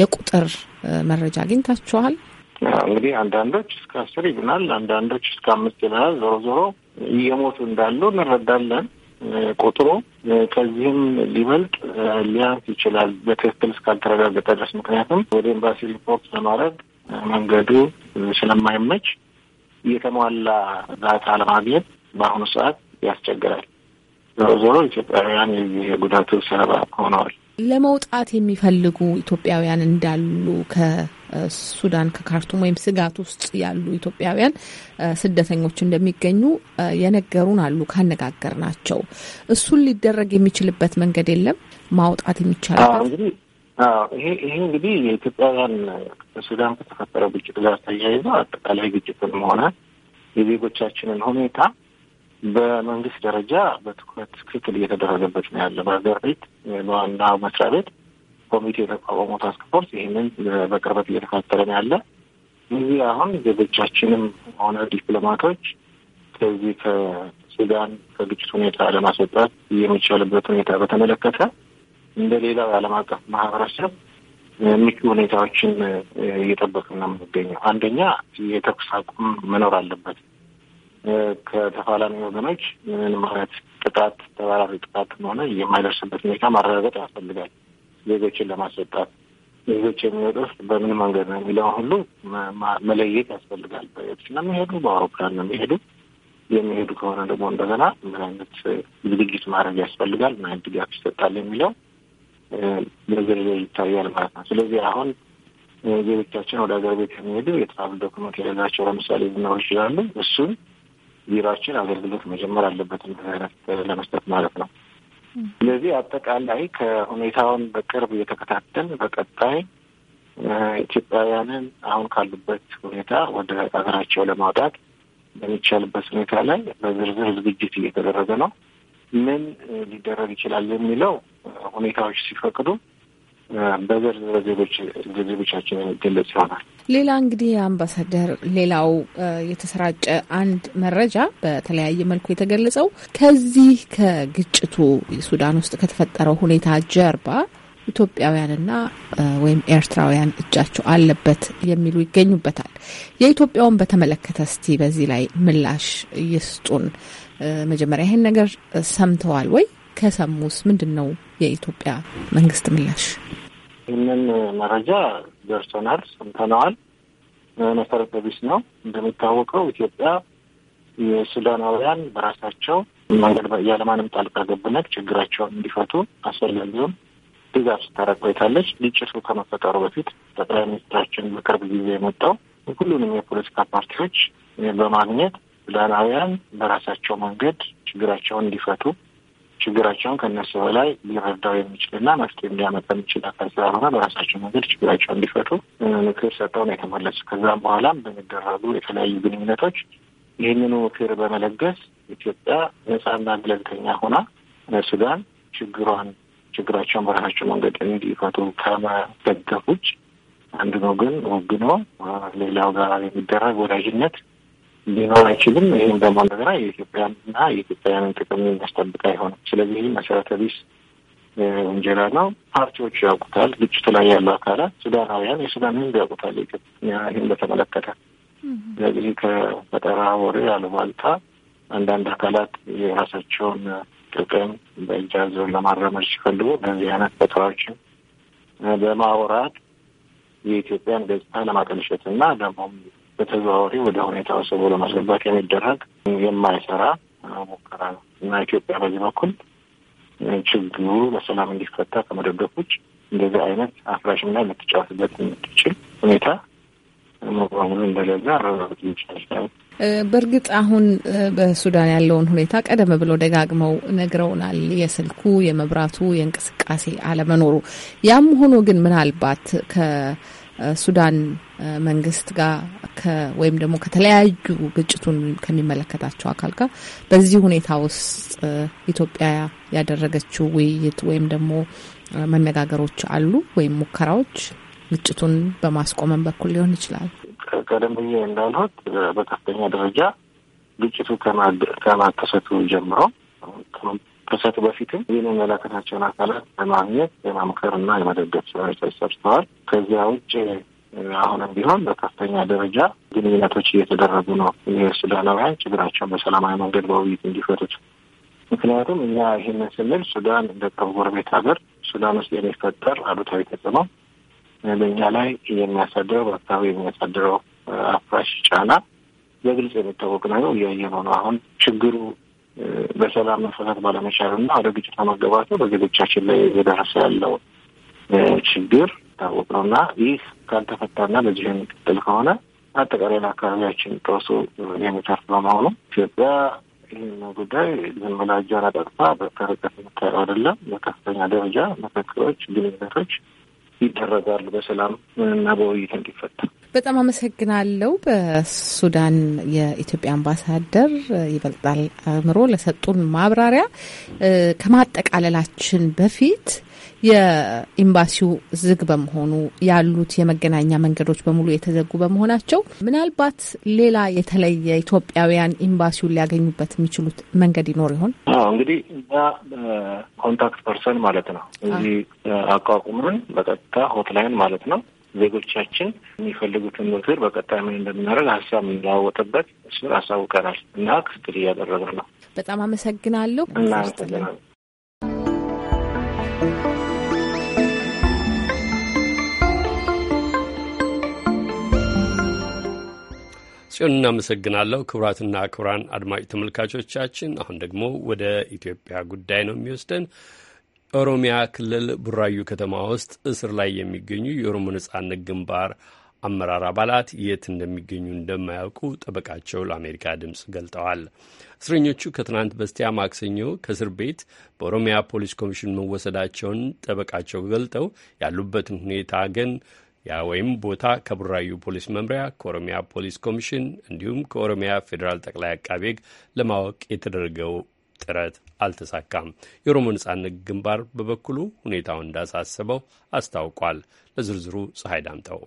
የቁጥር መረጃ አግኝታችኋል? እንግዲህ አንዳንዶች እስከ አስር ይሉናል፣ አንዳንዶች እስከ አምስት ይሉናል። ዞሮ ዞሮ እየሞቱ እንዳሉ እንረዳለን። ቁጥሩ ከዚህም ሊበልጥ ሊያንስ ይችላል በትክክል እስካልተረጋገጠ ድረስ። ምክንያቱም ወደ ኤምባሲ ሪፖርት ለማድረግ መንገዱ ስለማይመች የተሟላ ዳታ ለማግኘት በአሁኑ ሰዓት ያስቸግራል። ዞሮ ዞሮ ኢትዮጵያውያን የዚህ የጉዳቱ ሰለባ ሆነዋል። ለመውጣት የሚፈልጉ ኢትዮጵያውያን እንዳሉ ከሱዳን ከካርቱም ወይም ስጋት ውስጥ ያሉ ኢትዮጵያውያን ስደተኞች እንደሚገኙ የነገሩን አሉ ካነጋገር ናቸው። እሱን ሊደረግ የሚችልበት መንገድ የለም ማውጣት የሚቻልበት እንግዲህ ይሄ ይሄ እንግዲህ የኢትዮጵያውያን በሱዳን ከተፈጠረው ግጭት ጋር ተያይዞ አጠቃላይ ግጭትን ሆነ የዜጎቻችንን ሁኔታ በመንግስት ደረጃ በትኩረት ክትትል እየተደረገበት ነው ያለ። በሀገር ቤት በዋና መስሪያ ቤት ኮሚቴ የተቋቋመ ታስክ ፎርስ ይህንን በቅርበት እየተከታተለ ነው ያለ። እዚህ አሁን ዜጎቻችንም ሆነ ዲፕሎማቶች ከዚህ ከሱዳን ከግጭት ሁኔታ ለማስወጣት የሚቻልበት ሁኔታ በተመለከተ እንደ ሌላው የዓለም አቀፍ ማህበረሰብ ምቹ ሁኔታዎችን እየጠበቅን ነው የምንገኘው። አንደኛ የተኩስ አቁም መኖር አለበት። ከተፋላሚ ወገኖች ምንም አይነት ጥቃት፣ ተባራሪ ጥቃት ሆነ የማይደርስበት ሁኔታ ማረጋገጥ ያስፈልጋል። ዜጎችን ለማስወጣት ዜጎች የሚወጡት በምን መንገድ ነው የሚለውን ሁሉ መለየት ያስፈልጋል። በየት ነው በአውሮፕላን ነው የሚሄዱ? የሚሄዱ ከሆነ ደግሞ እንደገና ምን አይነት ዝግጅት ማድረግ ያስፈልጋል? ምን አይነት ድጋፍ ይሰጣል የሚለው በዝርዝር ይታያል ማለት ነው። ስለዚህ አሁን ዜጎቻችን ወደ ሀገር ቤት የሚሄዱ የትራቭል ዶክመንት የሌላቸው ለምሳሌ ሊኖሩ ይችላሉ። እሱን ቢሮችን አገልግሎት መጀመር አለበት አይነት ለመስጠት ማለት ነው። ስለዚህ አጠቃላይ ከሁኔታውን በቅርብ እየተከታተል በቀጣይ ኢትዮጵያውያንን አሁን ካሉበት ሁኔታ ወደ ሀገራቸው ለማውጣት በሚቻልበት ሁኔታ ላይ በዝርዝር ዝግጅት እየተደረገ ነው። ምን ሊደረግ ይችላል የሚለው ሁኔታዎች ሲፈቅዱ በዝርዝር ዜጎቻችን የሚገለጽ ይሆናል። ሌላ እንግዲህ አምባሳደር፣ ሌላው የተሰራጨ አንድ መረጃ በተለያየ መልኩ የተገለጸው ከዚህ ከግጭቱ ሱዳን ውስጥ ከተፈጠረው ሁኔታ ጀርባ ኢትዮጵያውያንና ወይም ኤርትራውያን እጃቸው አለበት የሚሉ ይገኙበታል። የኢትዮጵያውን በተመለከተ እስቲ በዚህ ላይ ምላሽ ይስጡን። መጀመሪያ ይሄን ነገር ሰምተዋል ወይ? ከሰሙስ ምንድን ነው የኢትዮጵያ መንግስት ምላሽ? ይህንን መረጃ ደርሶናል፣ ሰምተነዋል። መሰረተ ቢስ ነው። እንደሚታወቀው ኢትዮጵያ የሱዳናውያን በራሳቸው መንገድ ያለማንም ጣልቃ ገብነት ችግራቸውን እንዲፈቱ አስፈላጊውን ድጋፍ ስታደርግ ቆይታለች። ግጭቱ ከመፈጠሩ በፊት ጠቅላይ ሚኒስትራችን በቅርብ ጊዜ የመጣው ሁሉንም የፖለቲካ ፓርቲዎች በማግኘት ሱዳናውያን በራሳቸው መንገድ ችግራቸውን እንዲፈቱ ችግራቸውን ከነሱ በላይ ሊረዳው የሚችልና መፍትሄ እንዲያመጣ የሚችል አካል ስላልሆነ በራሳቸው መንገድ ችግራቸውን እንዲፈቱ ምክር ሰጠው ነው የተመለሱ። ከዛም በኋላም በሚደረጉ የተለያዩ ግንኙነቶች ይህንኑ ምክር በመለገስ ኢትዮጵያ ነጻና ገለልተኛ ሆና ሱዳን ችግሯን ችግራቸውን በራሳቸው መንገድ እንዲፈቱ ከመደገፍ ውጭ አንድ ነው ግን ወግኖ ሌላው ጋር የሚደረግ ወዳጅነት ሊኖር አይችልም። ይህም ደግሞ እንደገና የኢትዮጵያና የኢትዮጵያውያንን ጥቅም የሚያስጠብቅ አይሆንም። ስለዚህ መሰረተ ቢስ ውንጀላ ነው። ፓርቲዎች ያውቁታል፣ ግጭቱ ላይ ያሉ አካላት፣ ሱዳናውያን፣ የሱዳን ህዝብ ያውቁታል ይህን በተመለከተ። ስለዚህ ከፈጠራ ወሬ አሉባልታ አንዳንድ አካላት የራሳቸውን ጥቅም በእጅ አዙር ለማራመድ ሲፈልጉ በዚህ አይነት ፈጠራዎችን በማውራት የኢትዮጵያን ገጽታ ለማጠልሸት እና ደግሞም በተዘዋዋሪ ወደ ሁኔታ ስቦ ለማስገባት የሚደረግ የማይሰራ ሙከራ ነው እና ኢትዮጵያ በዚህ በኩል ችግሩ በሰላም እንዲፈታ ከመደገፎች ውጭ እንደዚህ አይነት አፍራሽና ልትጫወትበት የምትችል ሁኔታ መቋሙሉ እንደሌለ አረጋግጥ ይችላል። በእርግጥ አሁን በሱዳን ያለውን ሁኔታ ቀደም ብሎ ደጋግመው ነግረውናል፣ የስልኩ የመብራቱ የእንቅስቃሴ አለመኖሩ። ያም ሆኖ ግን ምናልባት ከሱዳን መንግስት ጋር ወይም ደግሞ ከተለያዩ ግጭቱን ከሚመለከታቸው አካል ጋር በዚህ ሁኔታ ውስጥ ኢትዮጵያ ያደረገችው ውይይት ወይም ደግሞ መነጋገሮች አሉ ወይም ሙከራዎች ግጭቱን በማስቆመን በኩል ሊሆን ይችላል። ቀደም ብዬ እንዳልሁት በከፍተኛ ደረጃ ግጭቱ ከማከሰቱ ጀምሮ ከሰቱ በፊትም የሚመለከታቸውን አካላት ለማግኘት የማምከርና የመደገፍ ስራዎች ተሰርተዋል። ከዚያ ውጭ አሁንም ቢሆን በከፍተኛ ደረጃ ግንኙነቶች እየተደረጉ ነው። የሱዳናውያን ችግራቸውን በሰላማዊ መንገድ በውይይት እንዲፈቱት። ምክንያቱም እኛ ይህንን ስንል ሱዳን እንደ ቅርብ ጎረቤት ሀገር ሱዳን ውስጥ የሚፈጠር አሉታዊ ተጽዕኖ በእኛ ላይ የሚያሳድረው በአካባቢ የሚያሳድረው አፍራሽ ጫና በግልጽ የሚታወቅ ነው። እያየነው ነው። አሁን ችግሩ በሰላም መፈታት ባለመቻሉ ወደ ግጭት መገባቱ በዜጎቻችን ላይ እየደረሰ ያለው ችግር የሚታወቅ ነው እና ይህ ካልተፈታና በዚህ የሚቀጥል ከሆነ አጠቃላይ ለአካባቢያችን ቀውሱ የሚተርፍ በመሆኑ ኢትዮጵያ ይህን ጉዳይ ዝም ብላ እጇን የምታየው አይደለም። በከፍተኛ ደረጃ መፈክሮች፣ ግንኙነቶች ይደረጋሉ በሰላም እና በውይይት እንዲፈታ። በጣም አመሰግናለሁ። በሱዳን የኢትዮጵያ አምባሳደር ይበልጣል አእምሮ ለሰጡን ማብራሪያ። ከማጠቃለላችን በፊት የኤምባሲው ዝግ በመሆኑ ያሉት የመገናኛ መንገዶች በሙሉ የተዘጉ በመሆናቸው ምናልባት ሌላ የተለየ ኢትዮጵያውያን ኤምባሲውን ሊያገኙበት የሚችሉት መንገድ ይኖር ይሆን? እንግዲህ እኛ ኮንታክት ፐርሰን ማለት ነው እዚህ አቋቁመን በቀጥታ ሆትላይን ማለት ነው ዜጎቻችን የሚፈልጉትን ምክር በቀጣይ ምን እንደምናደርግ ሀሳብ የምንለዋወጥበት እሱን አሳውቀናል እና ክትትል እያደረግን ነው። በጣም አመሰግናለሁ። እናመሰግናለሁ። ጽዮን እናመሰግናለሁ። ክቡራትና ክቡራን አድማጭ ተመልካቾቻችን አሁን ደግሞ ወደ ኢትዮጵያ ጉዳይ ነው የሚወስደን። ኦሮሚያ ክልል ቡራዩ ከተማ ውስጥ እስር ላይ የሚገኙ የኦሮሞ ነጻነት ግንባር አመራር አባላት የት እንደሚገኙ እንደማያውቁ ጠበቃቸው ለአሜሪካ ድምፅ ገልጠዋል። እስረኞቹ ከትናንት በስቲያ ማክሰኞ ከእስር ቤት በኦሮሚያ ፖሊስ ኮሚሽን መወሰዳቸውን ጠበቃቸው ገልጠው ያሉበትን ሁኔታ ግን ያ ወይም ቦታ ከቡራዩ ፖሊስ መምሪያ ከኦሮሚያ ፖሊስ ኮሚሽን እንዲሁም ከኦሮሚያ ፌዴራል ጠቅላይ አቃቤ ሕግ ለማወቅ የተደረገው ጥረት አልተሳካም። የኦሮሞ ነጻነት ግንባር በበኩሉ ሁኔታውን እንዳሳሰበው አስታውቋል። ለዝርዝሩ ፀሐይ ዳምጠው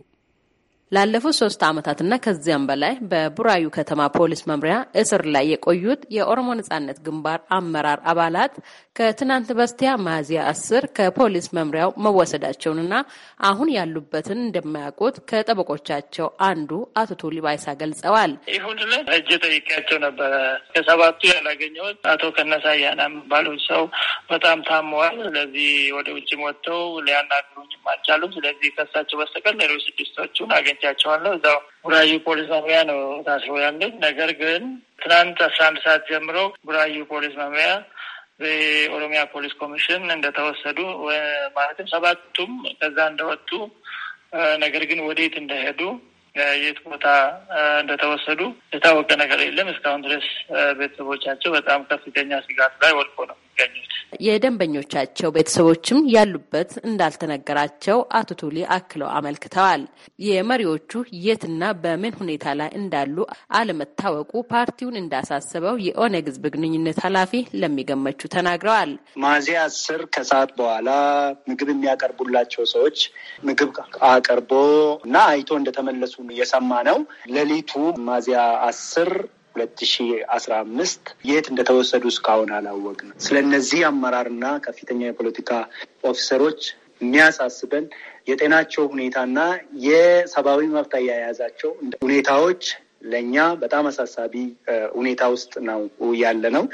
ላለፉት ሶስት ዓመታትና ከዚያም በላይ በቡራዩ ከተማ ፖሊስ መምሪያ እስር ላይ የቆዩት የኦሮሞ ነጻነት ግንባር አመራር አባላት ከትናንት በስቲያ ሚያዝያ አስር ከፖሊስ መምሪያው መወሰዳቸውንና አሁን ያሉበትን እንደማያውቁት ከጠበቆቻቸው አንዱ አቶ ቱሊ ባይሳ ገልጸዋል። ይሁን ለት እጅ ጠይቄያቸው ነበረ። ከሰባቱ ያላገኘሁት አቶ ከነሳ ያና የሚባሉት ሰው በጣም ታመዋል። ስለዚህ ወደ ውጭ ወጥተው ሊያናግሩኝም አልቻሉም። ስለዚህ ከሳቸው በስተቀር ሌሎች ስድስቶቹን አገኘ ወስጃቸዋለሁ። እዛው ቡራዩ ፖሊስ መምሪያ ነው ታስሮ ያለኝ። ነገር ግን ትናንት አስራ አንድ ሰዓት ጀምሮ ቡራዩ ፖሊስ መምሪያ በኦሮሚያ ፖሊስ ኮሚሽን እንደተወሰዱ ማለትም ሰባቱም ከዛ እንደወጡ ነገር ግን ወዴት እንደሄዱ የት ቦታ እንደተወሰዱ የታወቀ ነገር የለም። እስካሁን ድረስ ቤተሰቦቻቸው በጣም ከፍተኛ ስጋት ላይ ወድቆ ነው የሚገኙት። የደንበኞቻቸው ቤተሰቦችም ያሉበት እንዳልተነገራቸው አቶ ቱሊ አክለው አመልክተዋል። የመሪዎቹ የትና በምን ሁኔታ ላይ እንዳሉ አለመታወቁ ፓርቲውን እንዳሳሰበው የኦነግ ህዝብ ግንኙነት ኃላፊ ለሚገመቹ ተናግረዋል። ሚያዝያ አስር ከሰዓት በኋላ ምግብ የሚያቀርቡላቸው ሰዎች ምግብ አቅርቦ እና አይቶ እንደተመለሱ እየሰማ ነው። ሌሊቱ ሚያዝያ አስር ሁለት ሺ አስራ አምስት የት እንደተወሰዱ እስካሁን አላወቅንም። ስለ እነዚህ አመራርና ከፍተኛ የፖለቲካ ኦፊሰሮች የሚያሳስበን የጤናቸው ሁኔታና የሰብአዊ መብት አያያዛቸው ሁኔታዎች ለእኛ በጣም አሳሳቢ ሁኔታ ውስጥ ነው ያለ ነው።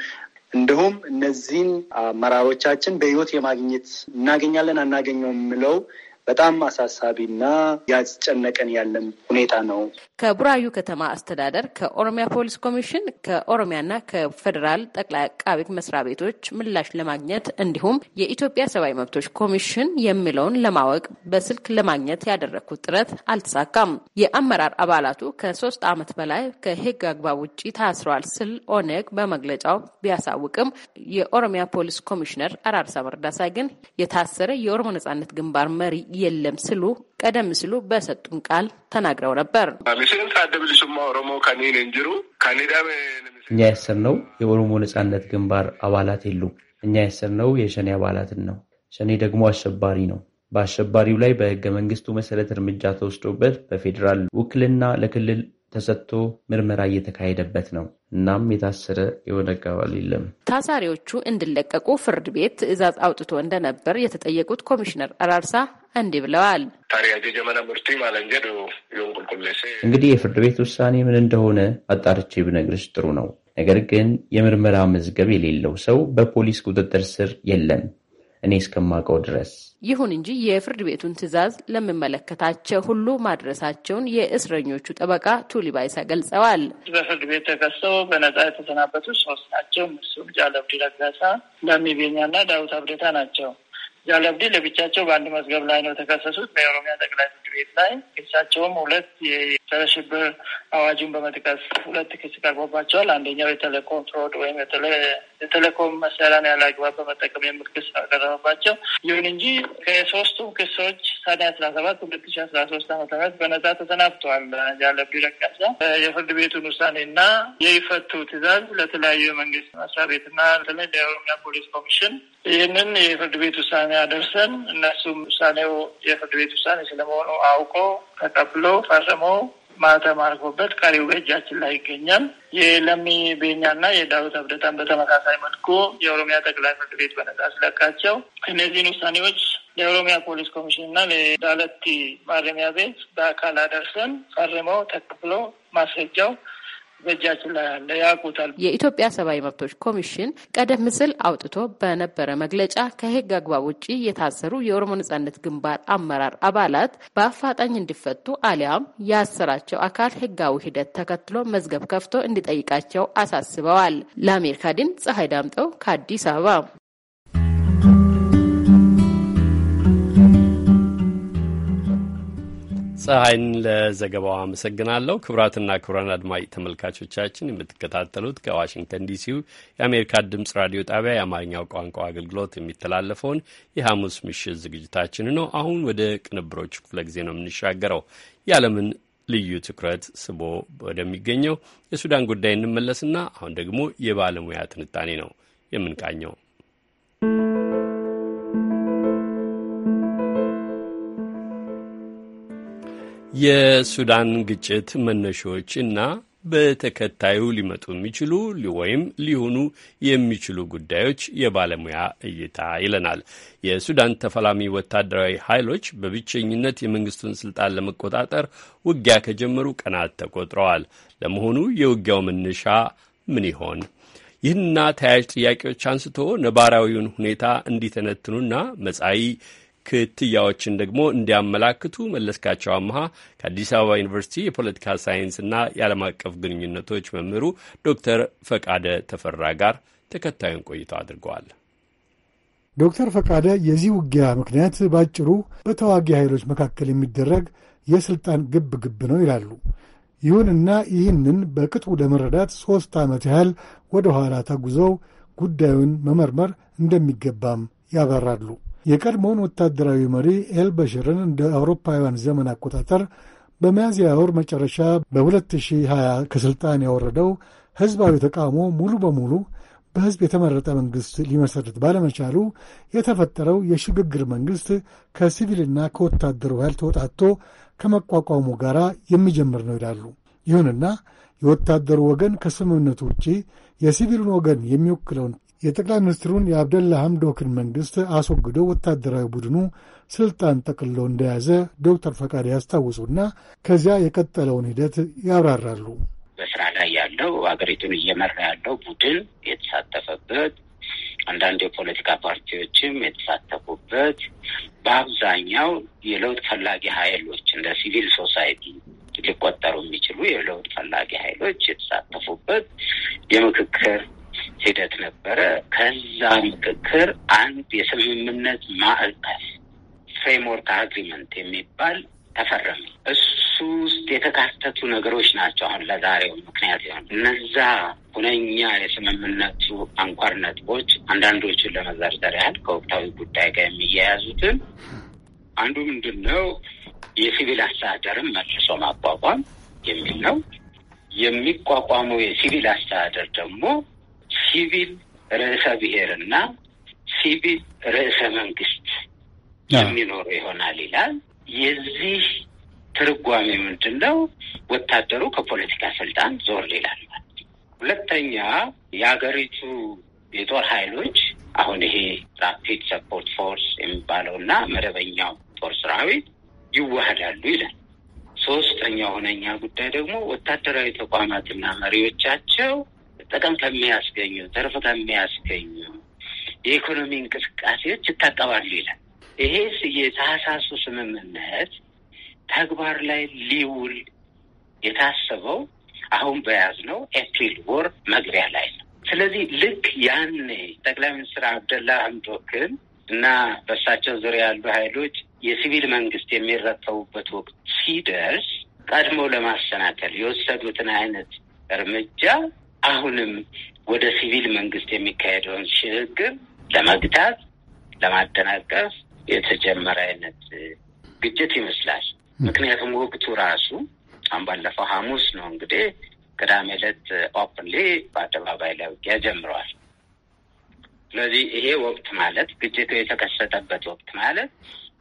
እንዲሁም እነዚህን አመራሮቻችን በህይወት የማግኘት እናገኛለን አናገኘው የምለው በጣም አሳሳቢና ያስጨነቀን ያለን ሁኔታ ነው። ከቡራዩ ከተማ አስተዳደር፣ ከኦሮሚያ ፖሊስ ኮሚሽን፣ ከኦሮሚያና ከፌዴራል ጠቅላይ አቃቢ መስሪያ ቤቶች ምላሽ ለማግኘት እንዲሁም የኢትዮጵያ ሰብአዊ መብቶች ኮሚሽን የሚለውን ለማወቅ በስልክ ለማግኘት ያደረግኩት ጥረት አልተሳካም። የአመራር አባላቱ ከሶስት ዓመት በላይ ከህግ አግባብ ውጭ ታስረዋል ስል ኦነግ በመግለጫው ቢያሳውቅም የኦሮሚያ ፖሊስ ኮሚሽነር አራርሳ መርዳሳ ግን የታሰረ የኦሮሞ ነጻነት ግንባር መሪ የለም ስሉ ቀደም ሲሉ በሰጡን ቃል ተናግረው ነበር። እኛ ያሰርነው የኦሮሞ ነጻነት ግንባር አባላት የሉም። እኛ ያሰርነው የሸኔ አባላትን ነው። ሸኔ ደግሞ አሸባሪ ነው። በአሸባሪው ላይ በህገ መንግስቱ መሰረት እርምጃ ተወስዶበት በፌዴራል ውክልና ለክልል ተሰጥቶ ምርመራ እየተካሄደበት ነው። እናም የታሰረ የሆነ አካባል የለም። ታሳሪዎቹ እንዲለቀቁ ፍርድ ቤት ትዕዛዝ አውጥቶ እንደነበር የተጠየቁት ኮሚሽነር አራርሳ እንዲህ ብለዋል። እንግዲህ የፍርድ ቤት ውሳኔ ምን እንደሆነ አጣርቼ ብነግርሽ ጥሩ ነው። ነገር ግን የምርመራ መዝገብ የሌለው ሰው በፖሊስ ቁጥጥር ስር የለም። እኔ እስከማውቀው ድረስ። ይሁን እንጂ የፍርድ ቤቱን ትዕዛዝ ለሚመለከታቸው ሁሉ ማድረሳቸውን የእስረኞቹ ጠበቃ ቱሊ ባይሳ ገልጸዋል። በፍርድ ቤት ተከሰው በነጻ የተሰናበቱ ሶስት ናቸው። እሱም ጃለብዲ ረጋሳ፣ ላሚ ቤኛ እና ዳዊት አብደታ ናቸው። ጃለብዲ ለብቻቸው በአንድ መዝገብ ላይ ነው የተከሰሱት በኦሮሚያ ጠቅላይ ፍርድ ቤት ላይ። እሳቸውም ሁለት ጸረ ሽብር አዋጁን በመጥቀስ ሁለት ክስ ቀርቦባቸዋል። አንደኛው የቴሌኮም ፍሮድ ወይም የቴሌኮም መሰሪያን ያለ አግባብ በመጠቀም የሚል ክስ ቀረበባቸው። ይሁን እንጂ ከሶስቱም ክሶች ሰኔ አስራ ሰባት ሁለት ሺ አስራ ሶስት አመተ ምህረት በነጻ ተሰናብተዋል። ያለ ቢረቀሳ የፍርድ ቤቱን ውሳኔ እና የይፈቱ ትእዛዝ ለተለያዩ የመንግስት መስሪያ ቤትና በተለይ ለኦሮሚያ ፖሊስ ኮሚሽን ይህንን የፍርድ ቤት ውሳኔ አደርሰን እነሱም ውሳኔው የፍርድ ቤት ውሳኔ ስለመሆኑ አውቆ ተቀብሎ ፈርመው ማህተም አድርጎበት ቀሪው በእጃችን ላይ ይገኛል። የለሚ ቤኛና የዳዊት አብደታን በተመሳሳይ መልኩ የኦሮሚያ ጠቅላይ ፍርድ ቤት በነጻ ስለቃቸው እነዚህን ውሳኔዎች ለኦሮሚያ ፖሊስ ኮሚሽን እና ለዳለቲ ማረሚያ ቤት በአካል አደርሰን ፈርመው ተቀብለው ማስረጃው በእጃችን ላይ አለ፣ ያውቁታል። የኢትዮጵያ ሰብአዊ መብቶች ኮሚሽን ቀደም ሲል አውጥቶ በነበረ መግለጫ ከህግ አግባብ ውጭ የታሰሩ የኦሮሞ ነጻነት ግንባር አመራር አባላት በአፋጣኝ እንዲፈቱ አሊያም ያሰራቸው አካል ህጋዊ ሂደት ተከትሎ መዝገብ ከፍቶ እንዲጠይቃቸው አሳስበዋል። ለአሜሪካ ድምፅ ፀሐይ ዳምጠው ከአዲስ አበባ ፀሐይን ለዘገባው አመሰግናለሁ። ክቡራትና ክቡራን አድማጭ ተመልካቾቻችን የምትከታተሉት ከዋሽንግተን ዲሲው የአሜሪካ ድምፅ ራዲዮ ጣቢያ የአማርኛው ቋንቋ አገልግሎት የሚተላለፈውን የሐሙስ ምሽት ዝግጅታችን ነው። አሁን ወደ ቅንብሮች ክፍለ ጊዜ ነው የምንሻገረው። የዓለምን ልዩ ትኩረት ስቦ ወደሚገኘው የሱዳን ጉዳይ እንመለስና አሁን ደግሞ የባለሙያ ትንታኔ ነው የምንቃኘው። የሱዳን ግጭት መነሾዎች እና በተከታዩ ሊመጡ የሚችሉ ወይም ሊሆኑ የሚችሉ ጉዳዮች የባለሙያ እይታ ይለናል። የሱዳን ተፈላሚ ወታደራዊ ኃይሎች በብቸኝነት የመንግስቱን ስልጣን ለመቆጣጠር ውጊያ ከጀመሩ ቀናት ተቆጥረዋል። ለመሆኑ የውጊያው መነሻ ምን ይሆን? ይህንና ተያያዥ ጥያቄዎች አንስቶ ነባራዊውን ሁኔታ እንዲተነትኑና መጻይ ክትያዎችን ደግሞ እንዲያመላክቱ መለስካቸው አመሃ ከአዲስ አበባ ዩኒቨርሲቲ የፖለቲካ ሳይንስና የዓለም አቀፍ ግንኙነቶች መምህሩ ዶክተር ፈቃደ ተፈራ ጋር ተከታዩን ቆይታ አድርገዋል። ዶክተር ፈቃደ የዚህ ውጊያ ምክንያት ባጭሩ በተዋጊ ኃይሎች መካከል የሚደረግ የሥልጣን ግብ ግብ ነው ይላሉ። ይሁንና ይህንን በቅጡ ለመረዳት ሦስት ዓመት ያህል ወደ ኋላ ተጉዘው ጉዳዩን መመርመር እንደሚገባም ያበራሉ። የቀድሞውን ወታደራዊ መሪ ኤልበሽርን እንደ አውሮፓውያን ዘመን አቆጣጠር በሚያዝያ ወር መጨረሻ በ2020 ከሥልጣን ያወረደው ሕዝባዊ ተቃውሞ ሙሉ በሙሉ በሕዝብ የተመረጠ መንግሥት ሊመሠረት ባለመቻሉ የተፈጠረው የሽግግር መንግሥት ከሲቪልና ከወታደሩ ኃይል ተወጣቶ ከመቋቋሙ ጋር የሚጀምር ነው ይላሉ። ይሁንና የወታደሩ ወገን ከስምምነቱ ውጪ የሲቪሉን ወገን የሚወክለውን የጠቅላይ ሚኒስትሩን የአብደላ ሐምዶክን መንግሥት አስወግዶ ወታደራዊ ቡድኑ ሥልጣን ጠቅልሎ እንደያዘ ዶክተር ፈቃድ ያስታውሱና ከዚያ የቀጠለውን ሂደት ያብራራሉ። በስራ ላይ ያለው ሀገሪቱን እየመራ ያለው ቡድን የተሳተፈበት አንዳንድ የፖለቲካ ፓርቲዎችም የተሳተፉበት በአብዛኛው የለውጥ ፈላጊ ኃይሎች እንደ ሲቪል ሶሳይቲ ሊቆጠሩ የሚችሉ የለውጥ ፈላጊ ኃይሎች የተሳተፉበት የምክክር ሂደት ነበረ። ከዛ ምክክር አንድ የስምምነት ማዕቀፍ ፍሬምወርክ አግሪመንት የሚባል ተፈረመ። እሱ ውስጥ የተካተቱ ነገሮች ናቸው አሁን ለዛሬው ምክንያት የሆኑ እነዛ ሁነኛ የስምምነቱ አንኳር ነጥቦች። አንዳንዶቹን ለመዘርዘር ያህል ከወቅታዊ ጉዳይ ጋር የሚያያዙትን አንዱ ምንድን ነው የሲቪል አስተዳደርን መልሶ ማቋቋም የሚል ነው። የሚቋቋመው የሲቪል አስተዳደር ደግሞ ሲቪል ርዕሰ ብሔር እና ሲቪል ርዕሰ መንግስት የሚኖሩ ይሆናል ይላል። የዚህ ትርጓሜ ምንድን ነው? ወታደሩ ከፖለቲካ ስልጣን ዞር ይላል ማለት ሁለተኛ የሀገሪቱ የጦር ኃይሎች አሁን ይሄ ራፒድ ሰፖርት ፎርስ የሚባለው እና መደበኛው ጦር ሰራዊት ይዋሃዳሉ ይላል። ሶስተኛው ሁነኛ ጉዳይ ደግሞ ወታደራዊ ተቋማትና መሪዎቻቸው ጥቅም ከሚያስገኙ ትርፍ ከሚያስገኙ የኢኮኖሚ እንቅስቃሴዎች ይታቀባሉ ይላል። ይሄ የታህሳሱ ስምምነት ተግባር ላይ ሊውል የታሰበው አሁን በያዝነው ኤፕሪል ወር መግቢያ ላይ ነው። ስለዚህ ልክ ያኔ ጠቅላይ ሚኒስትር አብደላ አምዶክን እና በእሳቸው ዙሪያ ያሉ ኃይሎች የሲቪል መንግስት የሚረከቡበት ወቅት ሲደርስ ቀድሞ ለማሰናከል የወሰዱትን አይነት እርምጃ አሁንም ወደ ሲቪል መንግስት የሚካሄደውን ሽግግር ለመግታት ለማደናቀፍ የተጀመረ አይነት ግጭት ይመስላል። ምክንያቱም ወቅቱ ራሱ አሁን ባለፈው ሐሙስ ነው እንግዲህ ቅዳሜ ዕለት ኦፕንሊ በአደባባይ ላይ ውጊያ ጀምረዋል። ስለዚህ ይሄ ወቅት ማለት ግጭቱ የተከሰተበት ወቅት ማለት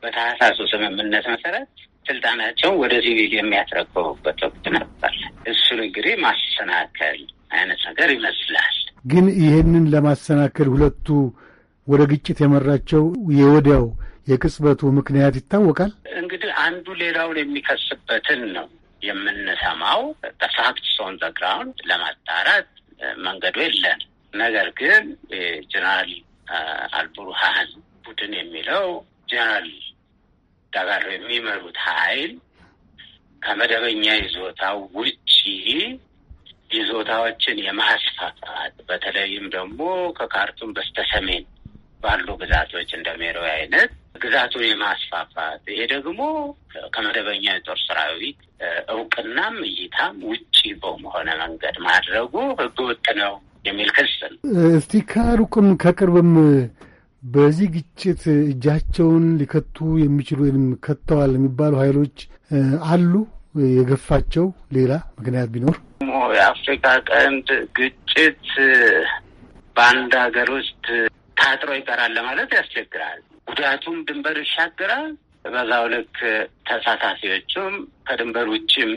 በታህሳሱ ስምምነት መሰረት ስልጣናቸውን ወደ ሲቪል የሚያስረክቡበት ወቅት ነበር። እሱን እንግዲህ ማሰናከል አይነት ነገር ይመስላል። ግን ይህንን ለማሰናከል ሁለቱ ወደ ግጭት የመራቸው የወዲያው የቅጽበቱ ምክንያት ይታወቃል። እንግዲህ አንዱ ሌላውን የሚከስበትን ነው የምንሰማው። በፋክት ኦን ዘ ግራውንድ ለማጣራት መንገዱ የለን። ነገር ግን ጀነራል አልቡርሃን ቡድን የሚለው ጀነራል ዳጋሎ የሚመሩት ኃይል ከመደበኛ ይዞታው ውጪ ይዞታዎችን የማስፋፋት በተለይም ደግሞ ከካርቱም በስተሰሜን ባሉ ግዛቶች እንደ ሜሮ አይነት ግዛቱን የማስፋፋት ይሄ ደግሞ ከመደበኛ የጦር ሰራዊት እውቅናም እይታም ውጪ በመሆነ መንገድ ማድረጉ ውጥ ነው የሚል ክስ ነው። እስቲ ከሩቅም ከቅርብም በዚህ ግጭት እጃቸውን ሊከቱ የሚችሉ ወይም ከተዋል የሚባሉ ኃይሎች አሉ። የገፋቸው ሌላ ምክንያት ቢኖር የአፍሪካ ቀንድ ግጭት በአንድ ሀገር ውስጥ ታጥሮ ይቀራል ለማለት ያስቸግራል። ጉዳቱም ድንበር ይሻገራል። በዛው ልክ ተሳታፊዎቹም ከድንበር ውጭም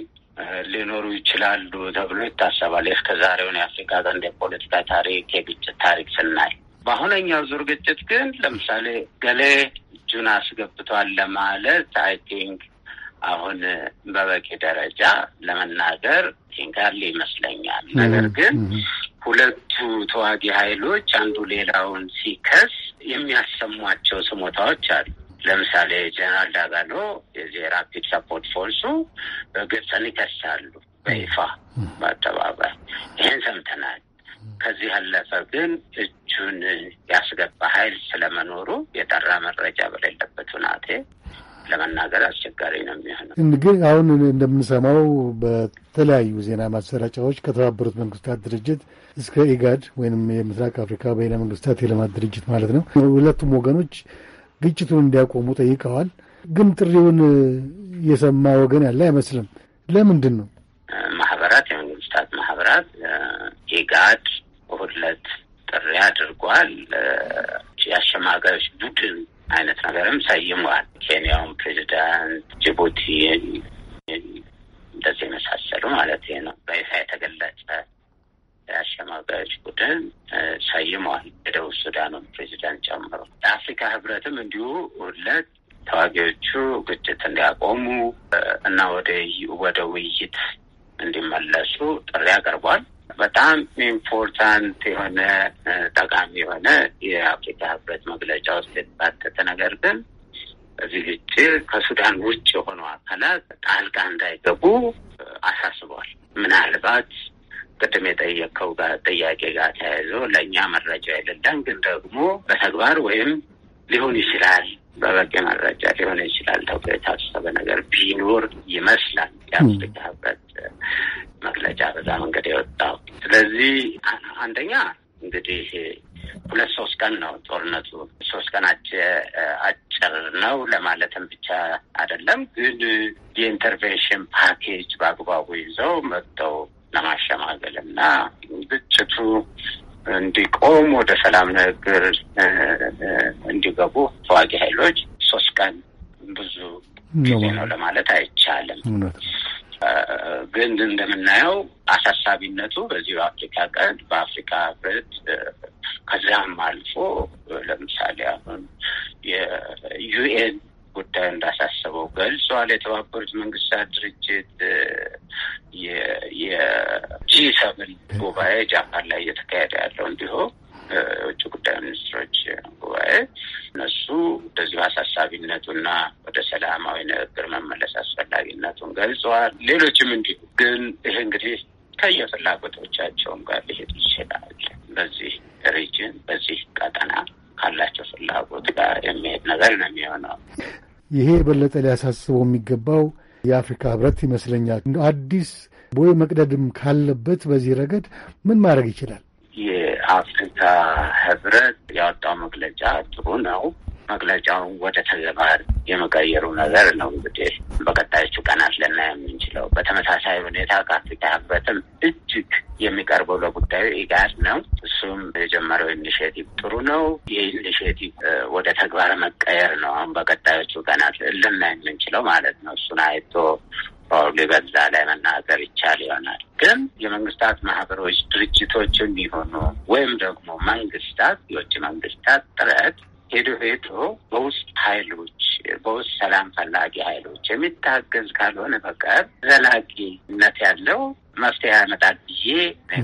ሊኖሩ ይችላሉ ተብሎ ይታሰባል። እስከ ዛሬውን የአፍሪካ ቀንድ የፖለቲካ ታሪክ፣ የግጭት ታሪክ ስናይ በአሁነኛው ዙር ግጭት ግን ለምሳሌ ገሌ እጁን አስገብቷል ለማለት አይ ቲንክ አሁን በበቂ ደረጃ ለመናገር ይንጋል ይመስለኛል። ነገር ግን ሁለቱ ተዋጊ ኃይሎች አንዱ ሌላውን ሲከስ የሚያሰሟቸው ስሞታዎች አሉ። ለምሳሌ ጀነራል ዳጋሎ የዚህ ራፒድ ሰፖርት ፎርሱ ግብፅን ይከሳሉ በይፋ በአጠባባይ ይህን ሰምተናል። ከዚህ ያለፈ ግን እጁን ያስገባ ኃይል ስለመኖሩ የጠራ መረጃ በሌለበት ሁናቴ ለመናገር አስቸጋሪ ነው የሚሆነው። ግን አሁን እንደምንሰማው በተለያዩ ዜና ማሰራጫዎች ከተባበሩት መንግስታት ድርጅት እስከ ኢጋድ ወይም የምስራቅ አፍሪካ በይነ መንግስታት የልማት ድርጅት ማለት ነው ሁለቱም ወገኖች ግጭቱን እንዲያቆሙ ጠይቀዋል። ግን ጥሪውን የሰማ ወገን ያለ አይመስልም። ለምንድን ነው ማህበራት የመንግስታት ማህበራት ኢጋድ ሁለት ጥሪ አድርጓል። የአሸማጋዮች ቡድን አይነት ነገርም ሰይመዋል። ኬንያውን ፕሬዚዳንት፣ ጅቡቲ እንደዚህ የመሳሰሉ ማለት ነው። በይፋ የተገለጸ የአሸማጋዮች ቡድን ሰይመዋል። የደቡብ ሱዳኑን ፕሬዚዳንት ጨምሮ የአፍሪካ ህብረትም እንዲሁ ሁለት ተዋጊዎቹ ግጭት እንዲያቆሙ እና ወደ ወደ ውይይት እንዲመለሱ ጥሪ አቅርቧል። በጣም ኢምፖርታንት የሆነ ጠቃሚ የሆነ የአፍሪካ ህብረት መግለጫ ውስጥ የተካተተ ነገር ግን በዚህ እጅግ ከሱዳን ውጭ የሆኑ አካላት ጣልቃ እንዳይገቡ አሳስቧል። ምናልባት ቅድም የጠየቀው ጥያቄ ጋር ተያይዞ ለእኛ መረጃ የሌለን ግን ደግሞ በተግባር ወይም ሊሆን ይችላል በበቂ መረጃ ሊሆን ይችላል ተብሎ የታሰበ ነገር ቢኖር ይመስላል የአፍሪካ ህብረት መግለጫ በዛ መንገድ የወጣው። ስለዚህ አንደኛ እንግዲህ ሁለት ሶስት ቀን ነው ጦርነቱ። ሶስት ቀን አጭር ነው ለማለትም ብቻ አይደለም፣ ግን የኢንተርቬንሽን ፓኬጅ በአግባቡ ይዘው መጥተው ለማሸማገል እና ግጭቱ እንዲቆም ወደ ሰላም ንግግር እንዲገቡ ተዋጊ ኃይሎች ሶስት ቀን ብዙ ጊዜ ነው ለማለት አይቻልም። ግን እንደምናየው አሳሳቢነቱ በዚሁ አፍሪካ ቀንድ በአፍሪካ ህብረት ከዛም አልፎ ለምሳሌ አሁን የዩኤን ጉዳዩ እንዳሳሰበው ገልጿል። የተባበሩት መንግስታት ድርጅት የጂ ሰብን ጉባኤ ጃፓን ላይ እየተካሄደ ያለው እንዲሁ የውጭ ጉዳይ ሚኒስትሮች ጉባኤ እነሱ እንደዚሁ አሳሳቢነቱና ወደ ሰላማዊ ንግግር መመለስ አስፈላጊነቱን ገልጸዋል። ሌሎችም እንዲሁ ግን ይህ እንግዲህ ከየፍላጎቶቻቸውም ጋር ሊሄድ ይችላል። በዚህ ሪጅን በዚህ ቀጠና ካላቸው ፍላጎት ጋር የሚሄድ ነገር ነው የሚሆነው። ይሄ የበለጠ ሊያሳስበው የሚገባው የአፍሪካ ህብረት ይመስለኛል። አዲስ ወይ መቅደድም ካለበት በዚህ ረገድ ምን ማድረግ ይችላል? የአፍሪካ ህብረት ያወጣው መግለጫ ጥሩ ነው። መግለጫውን ወደ ተግባር የመቀየሩ ነገር ነው እንግዲህ በቀጣዮቹ ቀናት ልና የምንችለው። በተመሳሳይ ሁኔታ ከአፍሪካ ህብረትም እጅግ የሚቀርበው ለጉዳዩ ኢጋድ ነው። እሱም የጀመረው ኢኒሽቲቭ ጥሩ ነው። ይህ ኢኒሽቲቭ ወደ ተግባር መቀየር ነው አሁን በቀጣዮቹ ቀናት ልናይ የምንችለው ማለት ነው። እሱን አይቶ ፓውሊ በዛ ላይ መናገር ይቻል ይሆናል። ግን የመንግስታት ማህበሮች ድርጅቶችም ቢሆኑ ወይም ደግሞ መንግስታት የውጭ መንግስታት ጥረት ሄዶ ሄዶ በውስጥ ኃይሎች በውስጥ ሰላም ፈላጊ ኃይሎች የሚታገዝ ካልሆነ በቀር ዘላቂነት ያለው መፍትሄ ያመጣል ብዬ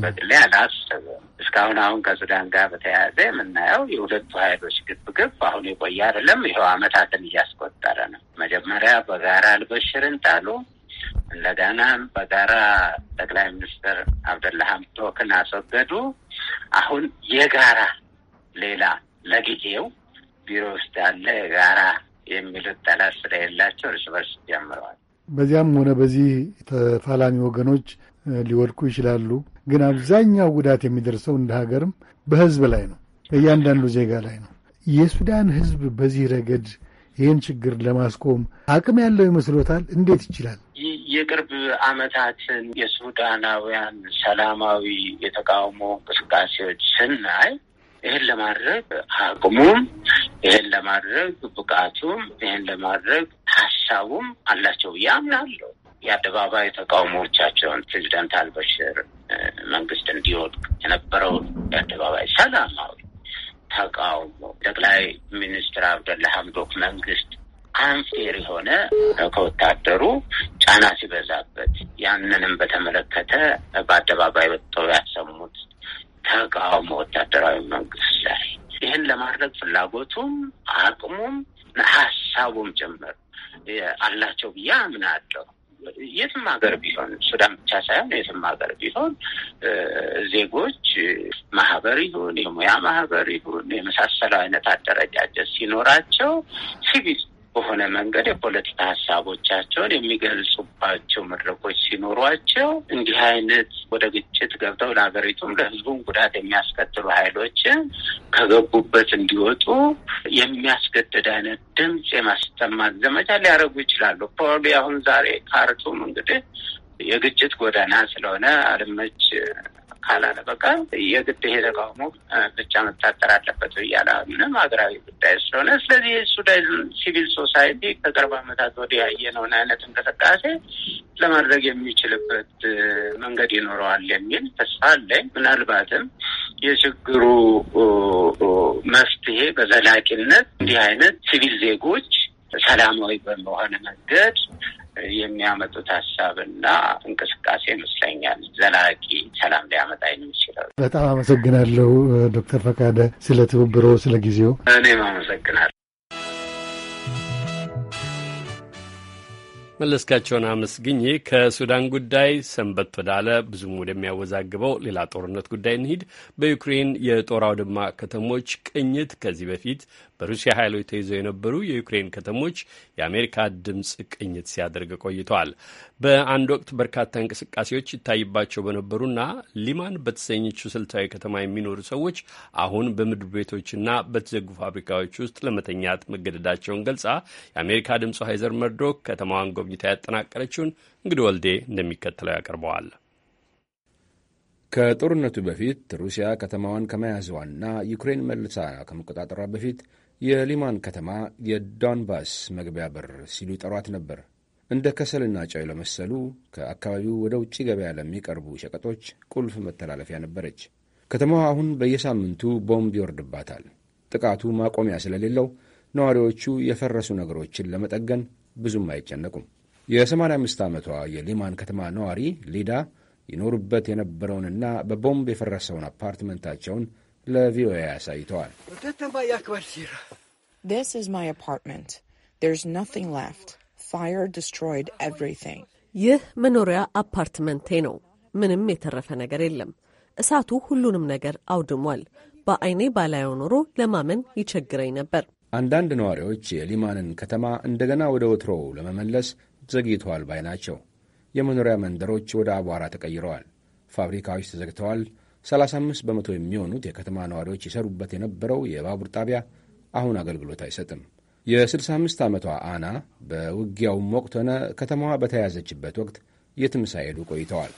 በግሌ አላስብም። እስካሁን አሁን ከሱዳን ጋር በተያያዘ የምናየው የሁለቱ ኃይሎች ግብግብ አሁን የቆየ አይደለም። ይኸው አመታትን እያስቆጠረ ነው። መጀመሪያ በጋራ አልበሽርን ጣሉ። እንደገና በጋራ ጠቅላይ ሚኒስትር አብደላ ሐምዶክን አስወገዱ። አሁን የጋራ ሌላ ለጊዜው ቢሮ ውስጥ ያለ ጋራ የሚሉት ጠላት ስለሌላቸው እርስ በርስ ጀምረዋል። በዚያም ሆነ በዚህ ተፋላሚ ወገኖች ሊወድቁ ይችላሉ። ግን አብዛኛው ጉዳት የሚደርሰው እንደ ሀገርም በህዝብ ላይ ነው፣ በእያንዳንዱ ዜጋ ላይ ነው። የሱዳን ህዝብ በዚህ ረገድ ይህን ችግር ለማስቆም አቅም ያለው ይመስሎታል? እንዴት ይችላል? የቅርብ ዓመታትን የሱዳናውያን ሰላማዊ የተቃውሞ እንቅስቃሴዎች ስናይ ይህን ለማድረግ አቅሙም ይህን ለማድረግ ብቃቱም ይህን ለማድረግ ሀሳቡም አላቸው ብዬ አምናለሁ። የአደባባይ ተቃውሞዎቻቸውን ፕሬዚደንት አልበሽር መንግስት እንዲወድቅ የነበረውን የአደባባይ ሰላማዊ ተቃውሞ ጠቅላይ ሚኒስትር አብደላ ሀምዶክ መንግስት አንፌር የሆነ ከወታደሩ ጫና ሲበዛበት ያንንም በተመለከተ በአደባባይ ወጥተው ያሰሙት ተቃውሞ ወታደራዊ መንግስት ላይ ይህን ለማድረግ ፍላጎቱም አቅሙም ሀሳቡም ጭምር አላቸው ብዬ አምናለሁ። የትም ሀገር ቢሆን ሱዳን ብቻ ሳይሆን የትም ሀገር ቢሆን ዜጎች ማህበር ይሁን የሙያ ማህበር ይሁን የመሳሰለው አይነት አደረጃጀት ሲኖራቸው ሲቪል በሆነ መንገድ የፖለቲካ ሀሳቦቻቸውን የሚገልጹባቸው መድረኮች ሲኖሯቸው እንዲህ አይነት ወደ ግጭት ገብተው ለሀገሪቱም ለሕዝቡም ጉዳት የሚያስከትሉ ኃይሎችን ከገቡበት እንዲወጡ የሚያስገድድ አይነት ድምፅ የማስተማት ዘመቻ ሊያደርጉ ይችላሉ። ፖሊ አሁን ዛሬ ካርቱም እንግዲህ የግጭት ጎዳና ስለሆነ አልመች ካላለ በቃ የግድ ይሄ ተቃውሞ ብቻ መታጠር አለበት ብያለ ምንም ሀገራዊ ጉዳይ ስለሆነ ስለዚህ ሱዳን ሲቪል ሶሳይቲ ከቅርብ ዓመታት ወዲህ ያየነውን አይነት እንቅስቃሴ ለማድረግ የሚችልበት መንገድ ይኖረዋል የሚል ተስፋ አለኝ። ምናልባትም የችግሩ መፍትሄ በዘላቂነት እንዲህ አይነት ሲቪል ዜጎች ሰላማዊ በመሆነ መንገድ የሚያመጡት ሀሳብና እንቅስቃሴ ይመስለኛል ዘላቂ ሰላም ሊያመጣ የሚችለው። በጣም አመሰግናለሁ ዶክተር ፈቃደ ስለ ትብብሮ፣ ስለ ጊዜው። እኔም አመሰግናለሁ። መለስካቸውን አመስግኜ ከሱዳን ጉዳይ ሰንበት ወዳለ ብዙም ወደሚያወዛግበው ሌላ ጦርነት ጉዳይ እንሂድ። በዩክሬን የጦር አውድማ ከተሞች ቅኝት ከዚህ በፊት በሩሲያ ኃይሎች ተይዘው የነበሩ የዩክሬን ከተሞች የአሜሪካ ድምፅ ቅኝት ሲያደርግ ቆይተዋል። በአንድ ወቅት በርካታ እንቅስቃሴዎች ይታይባቸው በነበሩና ሊማን በተሰኘችው ስልታዊ ከተማ የሚኖሩ ሰዎች አሁን በምድር ቤቶችና በተዘጉ ፋብሪካዎች ውስጥ ለመተኛት መገደዳቸውን ገልጻ የአሜሪካ ድምፅ ሀይዘር መርዶ ከተማዋን ጎብኝታ ያጠናቀረችውን እንግዲህ ወልዴ እንደሚከተለው ያቀርበዋል። ከጦርነቱ በፊት ሩሲያ ከተማዋን ከመያዘዋና ዩክሬን መልሳ ከመቆጣጠሯ በፊት የሊማን ከተማ የዶንባስ መግቢያ በር ሲሉ ይጠሯት ነበር። እንደ ከሰልና ጨው ለመሰሉ ከአካባቢው ወደ ውጭ ገበያ ለሚቀርቡ ሸቀጦች ቁልፍ መተላለፊያ ነበረች። ከተማዋ አሁን በየሳምንቱ ቦምብ ይወርድባታል። ጥቃቱ ማቆሚያ ስለሌለው ነዋሪዎቹ የፈረሱ ነገሮችን ለመጠገን ብዙም አይጨነቁም። የ85 ዓመቷ የሊማን ከተማ ነዋሪ ሊዳ ይኖሩበት የነበረውንና በቦምብ የፈረሰውን አፓርትመንታቸውን ለቪኦኤ አሳይተዋል። ይህ መኖሪያ አፓርትመንቴ ነው። ምንም የተረፈ ነገር የለም። እሳቱ ሁሉንም ነገር አውድሟል። በአይኔ ባላየው ኖሮ ለማመን ይቸግረኝ ነበር። አንዳንድ ነዋሪዎች የሊማንን ከተማ እንደገና ወደ ወትሮው ለመመለስ ዘግይተዋል ባይ ናቸው። የመኖሪያ መንደሮች ወደ አቧራ ተቀይረዋል። ፋብሪካዎች ተዘግተዋል። 35 በመቶ የሚሆኑት የከተማ ነዋሪዎች ይሰሩበት የነበረው የባቡር ጣቢያ አሁን አገልግሎት አይሰጥም። የ65 ዓመቷ አና በውጊያውም ወቅት ሆነ ከተማዋ በተያያዘችበት ወቅት የትም ሳይሄዱ ቆይተዋል።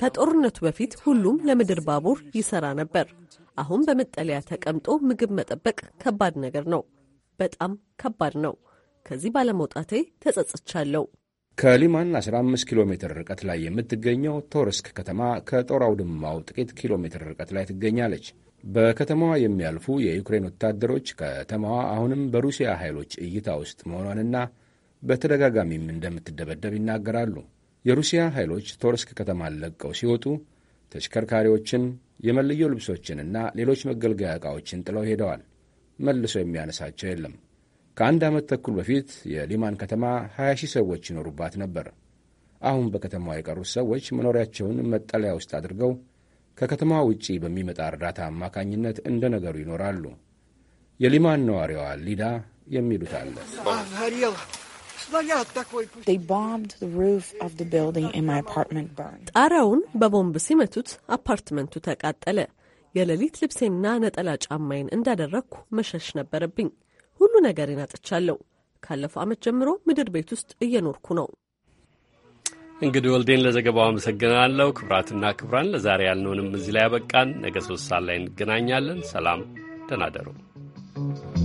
ከጦርነቱ በፊት ሁሉም ለምድር ባቡር ይሰራ ነበር። አሁን በመጠለያ ተቀምጦ ምግብ መጠበቅ ከባድ ነገር ነው። በጣም ከባድ ነው። ከዚህ ባለመውጣቴ ተጸጽቻለሁ። ከሊማን 15 ኪሎ ሜትር ርቀት ላይ የምትገኘው ቶርስክ ከተማ ከጦር አውድማው ጥቂት ኪሎ ሜትር ርቀት ላይ ትገኛለች። በከተማዋ የሚያልፉ የዩክሬን ወታደሮች ከተማዋ አሁንም በሩሲያ ኃይሎች እይታ ውስጥ መሆኗንና በተደጋጋሚም እንደምትደበደብ ይናገራሉ። የሩሲያ ኃይሎች ቶርስክ ከተማን ለቀው ሲወጡ ተሽከርካሪዎችን፣ የመለዮ ልብሶችንና ሌሎች መገልገያ ዕቃዎችን ጥለው ሄደዋል። መልሶ የሚያነሳቸው የለም። ከአንድ ዓመት ተኩል በፊት የሊማን ከተማ 20 ሺህ ሰዎች ይኖሩባት ነበር። አሁን በከተማዋ የቀሩት ሰዎች መኖሪያቸውን መጠለያ ውስጥ አድርገው ከከተማ ውጪ በሚመጣ እርዳታ አማካኝነት እንደ ነገሩ ይኖራሉ። የሊማን ነዋሪዋ ሊዳ የሚሉት አለ። ጣሪያውን በቦምብ ሲመቱት አፓርትመንቱ ተቃጠለ። የሌሊት ልብሴና ነጠላ ጫማዬን እንዳደረግኩ መሸሽ ነበረብኝ። ሁሉ ነገር ይናጥቻለሁ። ካለፈው ዓመት ጀምሮ ምድር ቤት ውስጥ እየኖርኩ ነው። እንግዲህ ወልዴን ለዘገባው አመሰግናለሁ። ክብራትና ክብራን ለዛሬ ያልነውንም እዚህ ላይ ያበቃን። ነገ ሶስት ሰዓት ላይ እንገናኛለን። ሰላም፣ ደህና you.